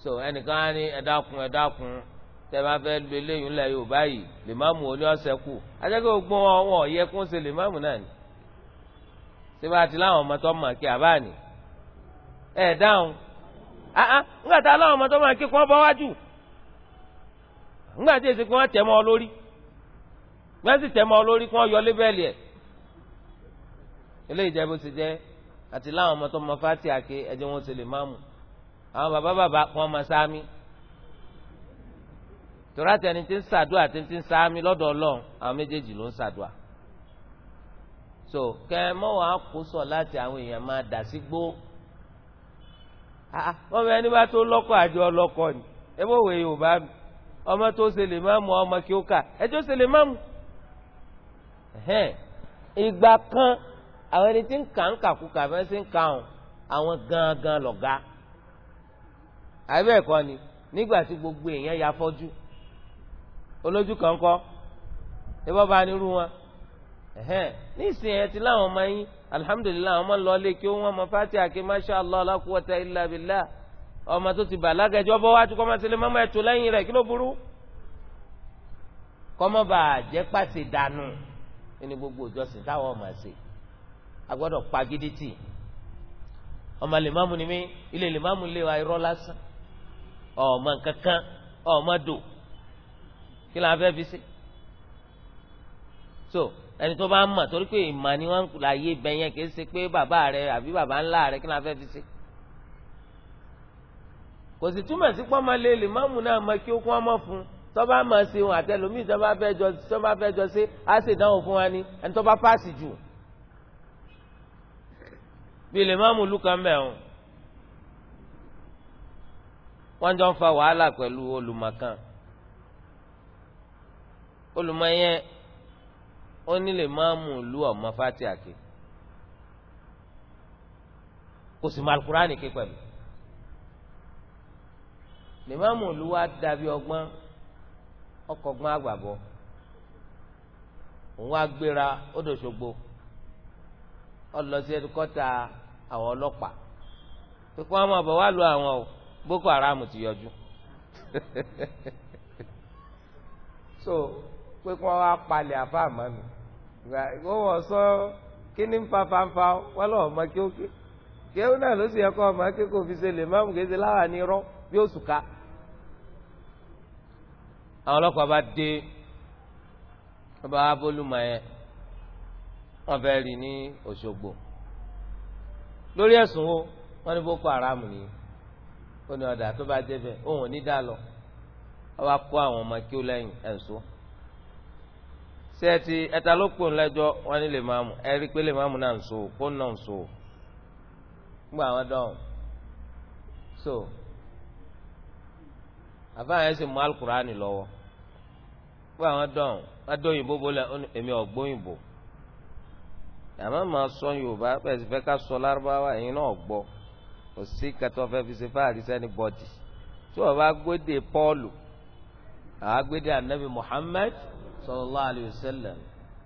so ẹnìkan á ní ẹ dákun ẹ dákun tẹ́lẹ̀ máa fẹ́ lu eléyìí ńlẹ̀ yorùbá yìí lèmáàmù oní ọ̀sẹ̀ kù ajẹ́kẹ́ ògbọ́n ọ̀wọ́n ọ̀yẹ kún ṣe lèmáàmù náà ni síbi àti láwọn ọmọ tó mọ̀ kí àbá ni ẹ̀ dáhùn áá ńgbà tá láwọn ọmọ tó mọ̀ kí kí wọ́n bọ́ wájú ńgbà tí èsì kí wọ́n tẹ̀ mọ́ ọ lórí wọ́n sì tẹ̀ mọ́ ọ lórí kí wọ́n yọ lébẹ́lì ẹ̀ eléyìí jẹ́ bó ti jẹ́ àti láwọn ọmọ tó mọ̀ fátì àké ẹ̀jẹ̀ wọn ṣe lèmáàmù àwọn bàbá bàbá wọn mọ̀ sáámi torí àtẹni tí ń ṣàdúà àti tí ń sáámi lọ́dọ̀ ọlọ́run àwọn méjèèjì ló ń ṣàdúà so kẹ mọ́wàá kó sọ láti àwọn èèyàn máa dà sí gbó ah, ọmọ ẹni bá tó lọ́kọ̀ àjọ ọlọ́kọ̀ ni ẹ bó wẹ̀ yorùbá mi ọmọ tó ṣe lè máa mú ọmọ kí ó kà ẹ tó ṣe lè máa mú ìgbà kan àwọn ẹni tí ń kà ń kàkúkà fẹ́ sí ń kà ọ́n àwọn gangan lọ̀gá àbẹ́ẹ̀kọ́ ni nígbà tí gbogbo èèyàn ya fọ́jú olójú kan kọ́ ìbọn bá nírú wọn nísìnyí ẹ ti láwọn ọmọ yín alihamudulilayi àwọn ọmọ lọlé kí wọn ọmọ fati ake masha allah alakuwata illa billah ọmọ tó ti bàlágà ẹjọ bọ wájú kọmọ sílẹ mọmọ ẹtù lẹ́yìn rẹ̀ kí ló burú kọmọ bá jẹ pàṣẹ dànù ẹni gbogbo ìjọsìn táwọn ọmọ ṣe agbọ́dọ̀ pagidi tì ọmọ lèmọmù ni mí ilé lèmọmù lé wa irọ́ lásán ọmọ kankan ọmọ dò kí la fẹ́ fi ṣe so ẹni tó bá mọ̀ torí pé ìmọ̀ ni wọ́n là yé bẹ yẹn kì í ṣe pé bàbá rẹ àbí bàbá ńlá rẹ kí la fẹ́ fi ṣe kò sì túmọ̀ sí pọ́n máa lé lè má mú náà mọ kí ó kún ọmọ fún tó bá mọ̀ ṣe òun àtẹlómi tó bá fẹ́ jọ tó bá fẹ́ jọ ṣe á ṣèdánwò fún wa ni ẹni tó bá pàṣì jù bí lè má mú lùkàn mẹ́rin wọ́n jọ ń fa wàhálà pẹ̀lú olùmọ̀kan olùmọ̀ yẹn ó nílè máa mú ìlú ọmọ fati àké kò sì máa alukurani ké pẹ̀lú lè máa mú ìlú wa dàbí ọgbọ́n ọkọ̀gbọ́n àgbàbọ̀ òun wá gbéra ó dòṣogbo ó lọ sí ẹdúkọ́ta àwọn ọlọ́pàá pé kí wọ́n máa lu àwọn o Boko Haram ti yọjú [laughs] so pé kí wọ́n wá palẹ̀ àfa àmọ́ mi wọ́n wọ́n sọ kí ni ń fa fanfa wọ́n lọ́wọ́ ọmọ kí ó ké kéwù náà ló sì yẹ kó ọmọ kí kò fi ṣe lè máàmù kéde láwà ní irọ́ bí ó sùka. àwọn ọlọ́pàá bá dé wọ́n bá bólúmọ̀ yẹn wọ́n fẹ́ rí ní Òṣogbo lórí ẹ̀sùn wo wọ́n ní Boko Haram ni ó ní ọ̀dà tó bá jẹ́ òun ò ní dá lọ wọ́n wá kó àwọn ọmọ kí ó lẹ́yìn ẹ̀sùn ṣé ẹ ti ẹta ló pò ńlẹ́jọ́ wọn ní lè máa mú ẹ rí i pé lè máa mú náà ń so kó náà ń so gbọ́ àwọn dọ́hùn so àfáàyàn sì mú alukurani lọ́wọ́ gbọ́ àwọn dọ́hùn adóyìnbó bọ́lẹ̀ èmi ọ̀gbóyìnbó àmọ́ màá sọ yorùbá pẹ̀sì fẹ́ ká sọ lárúbáwá ẹ̀yin náà gbọ́ kò sí kẹtọ́ fi ṣe fáàrí sẹ́ni bọ́dì tí wọ́n bá gbédè pọ́ọ̀lù àgbédè anabi muhammed sallallahu alayhi wa sallam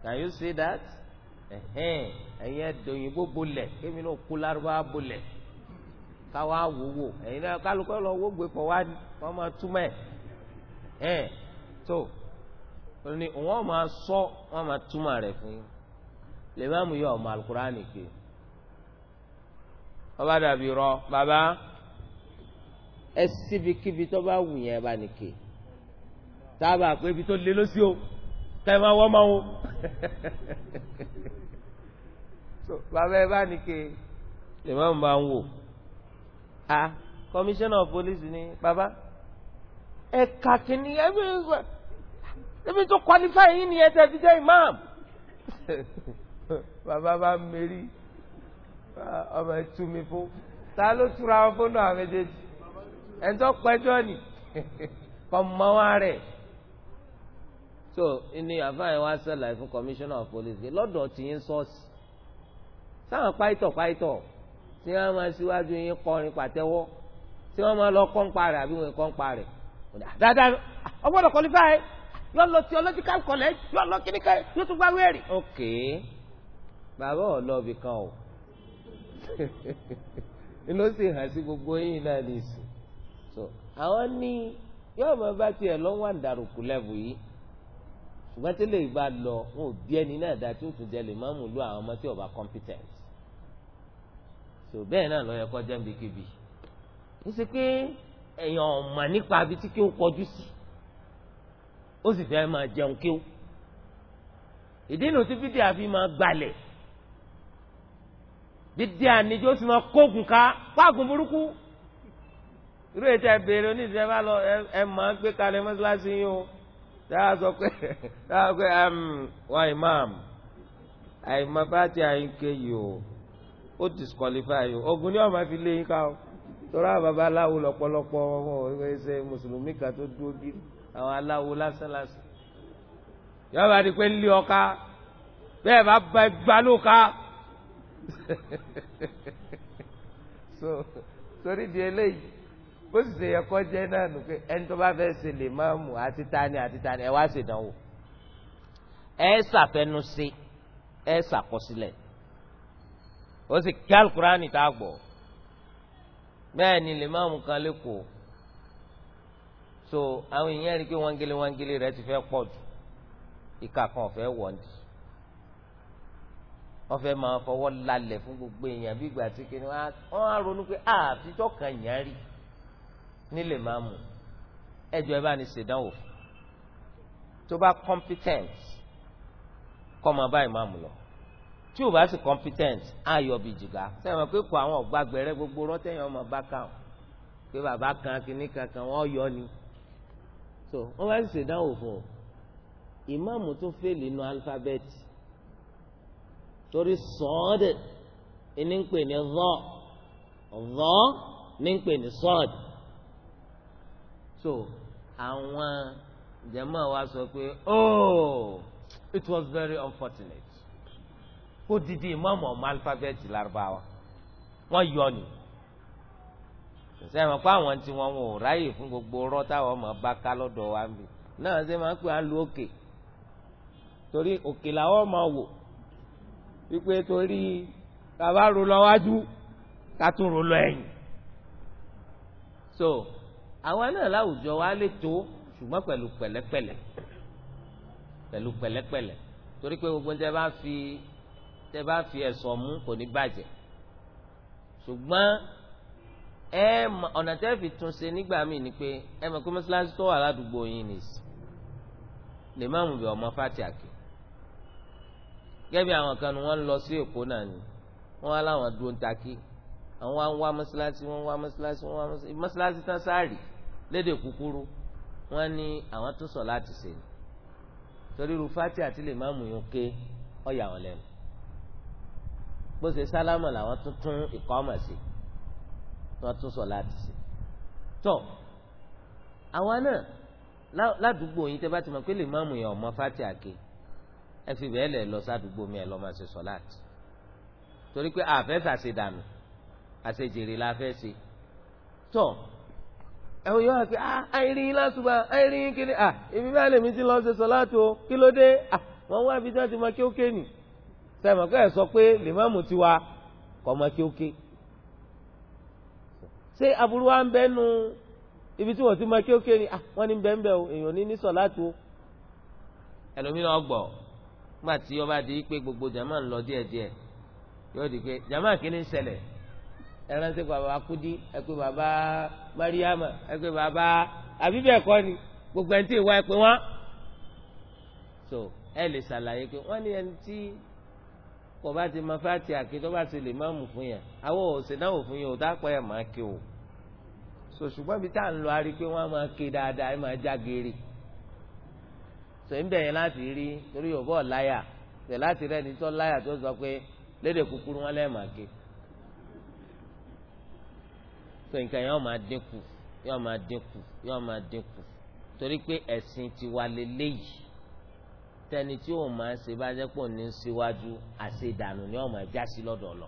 can you see that ẹ̀hẹ́n ẹ̀yin ẹ̀dọ̀ òyìnbó bolẹ̀ kémi náà kú lárúbá bolẹ̀ káwá wòwò ẹ̀yin náà kálukọ́ lọ wógbé pọ̀ wá ní wọ́n máa túmọ̀ ẹ̀ ẹ̀ tó ní wọ́n máa sọ wọ́n máa túmọ̀ rẹ̀ fún yín lè má mú yọ ọmọ alukurani ké ọba dàbí rọ bàbá ẹ síbi kíbi tó bá wù yẹn bá nìké tábà pé ibi tó lé lọ sí o kẹfà wọ́n máa wo so bàbá ẹ bá ní ke lè má bá ń wò a komisanna of police ni Baba. ẹ kà kínní ẹ bí ẹbí tó qualify yín ni ẹ tẹ fi jẹ imam [laughs] Baba, bá mẹ́rí ọmọ ẹtú mi fún ta ló túra wọn fún náà méjèèjì ẹ tó pẹjọ ni [laughs] kọ mọ wọn rẹ so ní àfáàyàn wa ṣàlàyé fún commissioner of police pé lọ́dọ̀ tí yín sọ́ọ̀sì sáwọn páìtọ̀ páìtọ̀ tí wọ́n máa síwájú yín kọrin pàtẹ́wọ́ tí wọ́n máa lọ kọ́ ń parẹ́ àbí wọ́n kọ́ ń parẹ́ dáadáa ọgbọ́dọ̀ qualify yóò lọ theological college yóò lọ kíníkà yóò tún gbá wẹ́ẹ̀rì. ok bàbá ọlọ́ọ̀bì kan o [laughs] ló sì hàn sí gbogbo yín náà nìsí so àwọn ní yóò máa bá tiẹ̀ lọ́wọ́ àdàrùkù lẹ́bù yìí ṣùgbọ́n tí lè bá lọ wọn ò bí ẹni náà dá tí ó tún jẹ lè máàmù lu àwọn ọmọ tí ó bá competent so bẹ́ẹ̀ náà lọ yẹ kọ́ jẹ́ǹbi kíbi ó sì pé èèyàn ọ̀mà nípa abí tí kí ó kọjú sí ó sì fẹ́ máa jẹun kí ó ìdí inú tí fídíà fi máa gbalẹ̀ dídí àníjó sì máa kógun ká fáàgùn burúkú irú ètò ẹ̀ bèrè oníṣẹ́ bá lọ ẹ̀ máa gbé kalẹ̀ mọ́ṣáláṣí yín o dáa sọ pé [laughs] dáa sọ pé um, wa imam àìmọ bá ti àyínké yìí o ó disqualify o ogun ni wọn máa fi lé yín ká o tọ́lá bàbá aláwo lọ́pọ̀lọpọ̀ wọn ò mùsùlùmí kan tó dúró bí àwọn aláwo lásánlásán yọba di pé ńlẹ ọka bẹ́ẹ̀ bá ba gbalóka [laughs] so sórí di eléyìí bó sì ṣe yẹ kọ́ jẹ́ náà nù pé ẹni tó bá fẹ́ ṣe lè máa mú àti tani àti tani ẹ wá ṣèdánwò ẹ ṣàfẹnusí ẹ ṣàkọsílẹ̀ ó sì kí alukurani tá a gbọ́ bẹ́ẹ̀ ni lè máa mú kan lẹ́kọ̀ọ́ so àwọn èèyàn rí i pé wọ́ngele wọ́ngele rẹ ti fẹ́ pọ̀ jù ìka kan ọ̀fẹ́ wọ̀ndì wọ́n fẹ́ máa fọwọ́ lálẹ̀ fún gbogbo èèyàn bí ìgbà tí kìnìún wọn á ronú pé àfijọ́ kan yàn rí i nílé máàmù ẹjọ́ ẹ bá ní ṣèdánwò tó bá competent kọ́ máa bá ìmáàmù lọ tí o bá sì competent ayọ̀ bì jìgá sẹ́wọ̀n pé kó àwọn ọ̀gbà gbẹrẹ gbogbo rọ́tẹ̀yìn ọmọ bá káwọn pé bàbá kan kìíní kankan wọ́n yọ ni so wọ́n bá sì ṣèdánwò fún ọ ìmáàmù tó fèlè inú alifábẹ́ẹ̀tì torí sọ́ọ̀dì ní ń pè ní rọ́ọ̀ rọ́ọ̀ ní ń pè ní sọ́ọ̀dì so àwọn jẹ̀mọ́ wa sọ pé oh it was very unfortunate ó didi ìmọ̀ọ́mù ọmọ alifábẹ́ẹ̀tì lárúbáwá wọ́n yọ ni sẹ́wọ̀n pa àwọn tí wọ́n wò ráyè fún gbogbo ọ̀rọ̀ táwọn ọmọ bá ká lọ́dọ̀ wa ń bì náà ṣe máa ń pè á lu òkè torí òkè làwọn ọmọ wò wípé torí bàbá ro lọ wájú ká tún ro lọ ẹ̀yìn so àwa náà láwùjọ wa lè tó ṣùgbọ́n pẹ̀lú pẹ̀lẹ́pẹ̀lẹ́ pẹ̀lú pẹ̀lẹ́pẹ̀lẹ́ torí pé gbogbo tẹ bá fi tẹ bá fi ẹ̀sọ̀ mú kò ní bàjẹ́ ṣùgbọ́n ẹ ọ̀nà tẹ́ fi tún ṣe nígbà míì ni pé ẹ mọ̀ pé mọ́ṣáláṣí tó wà ládùúgbò yín nìyí lè má mú bí ọmọ fati àkè gẹ́bí àwọn kan ni wọ́n ń lọ sí èkó náà ni wọ́n á láwọn dúró ń takí àwọn wá wá mọ́ṣáláṣí wọ́n wá mọ́ṣáláṣí wọ́n wá mọ́ṣáláṣí tán sáà rì í lédè kúkúrú wọn ní àwọn tó sọ láti ṣe ni torí irú fati àti lè má mú yín ké ọyà wọn lẹ́nu bó ṣe sálámà làwọn tún tún ìkọ́ ọmọ sí wọn tún sọ láti ṣe tọ àwa náà ládùúgbò yín tẹ́ bá ti mọ̀ pé lè má mú yín ọmọ fati àké ẹ fi bẹ́ẹ̀ lẹ̀ lọ sádùúgbò mi ẹ lọ́ọ́ máa ṣe sọ láti torí pé àfẹ́ fàṣẹ àṣejèrè la fẹ́ ṣe tọ́ ẹ̀wọ̀n yóò wá pé ah, àìrí lásùbà àìrí kíni à ah, ibi bá lèmi ti lọ ṣe sọ láti o kí ló dé à ah, wọ́n wá ibi tí wọ́n ti mọ kí ó ké nì sẹ́mi ọ̀kọ́ ẹ̀ sọ pé lèmọ́ọ̀mù ti wa kọ́ mọ kí ó ké ṣé aburú wa ń bẹ́nu ibi tí wọ́n ti mọ kí ó ké nì à wọ́n ní bẹ́ẹ̀ bẹ́ẹ̀ o èèyàn ní ní sọ láti o ẹlòmínà ọgbọ̀ gbàtí ọba di pé gbogbo jama ń lọ díẹ̀díẹ̀ yóò di pé jama kìíní ń ṣẹlẹ̀ ẹ ránṣẹ́ pé bàbá kudi ẹ pé bàbá mariama ẹ pé bàbá àbí bẹ́ẹ̀ ni gbogbo ẹni tí ìwà ẹ pé wọ́n. so ẹ lè ṣàlàyé pé wọ́n ní ẹni tí kò bá ti máa fàtì àké tó bá ti lè má mú fún yẹn àwọn òsè náà ò fún yẹn ò dápọ̀ ẹ̀ máa ké o. so ṣùgbọ́n ibi tá à ń lọ arí pé wọ́n á máa ké dáadáa ẹ máa já geere. so ń bẹ̀yẹn láti rí torí yóò bọ̀ láyà bẹ̀ láti rẹ́ni tó láyà tó sọ pé lédè kúkúrú wọn lẹ́ẹ̀ máa ké so nǹkan yẹn wọ́n máa dínkù yóò máa dínkù yóò máa dínkù torí pé ẹ̀sìn tiwa lélẹ́yìí tẹni tí ó máa ṣe bá jẹ́ pọ̀ ní síwájú àṣedànù ni ọmọ ẹja sí lọ́dọ̀ lọ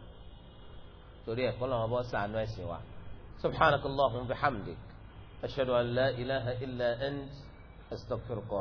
torí ẹ̀kọ́ làwọn bọ́ sànú ẹ̀sìn wa subhanakallahumma wa bihamdik ashhadu an la ilaha illa ant astaghfiruka.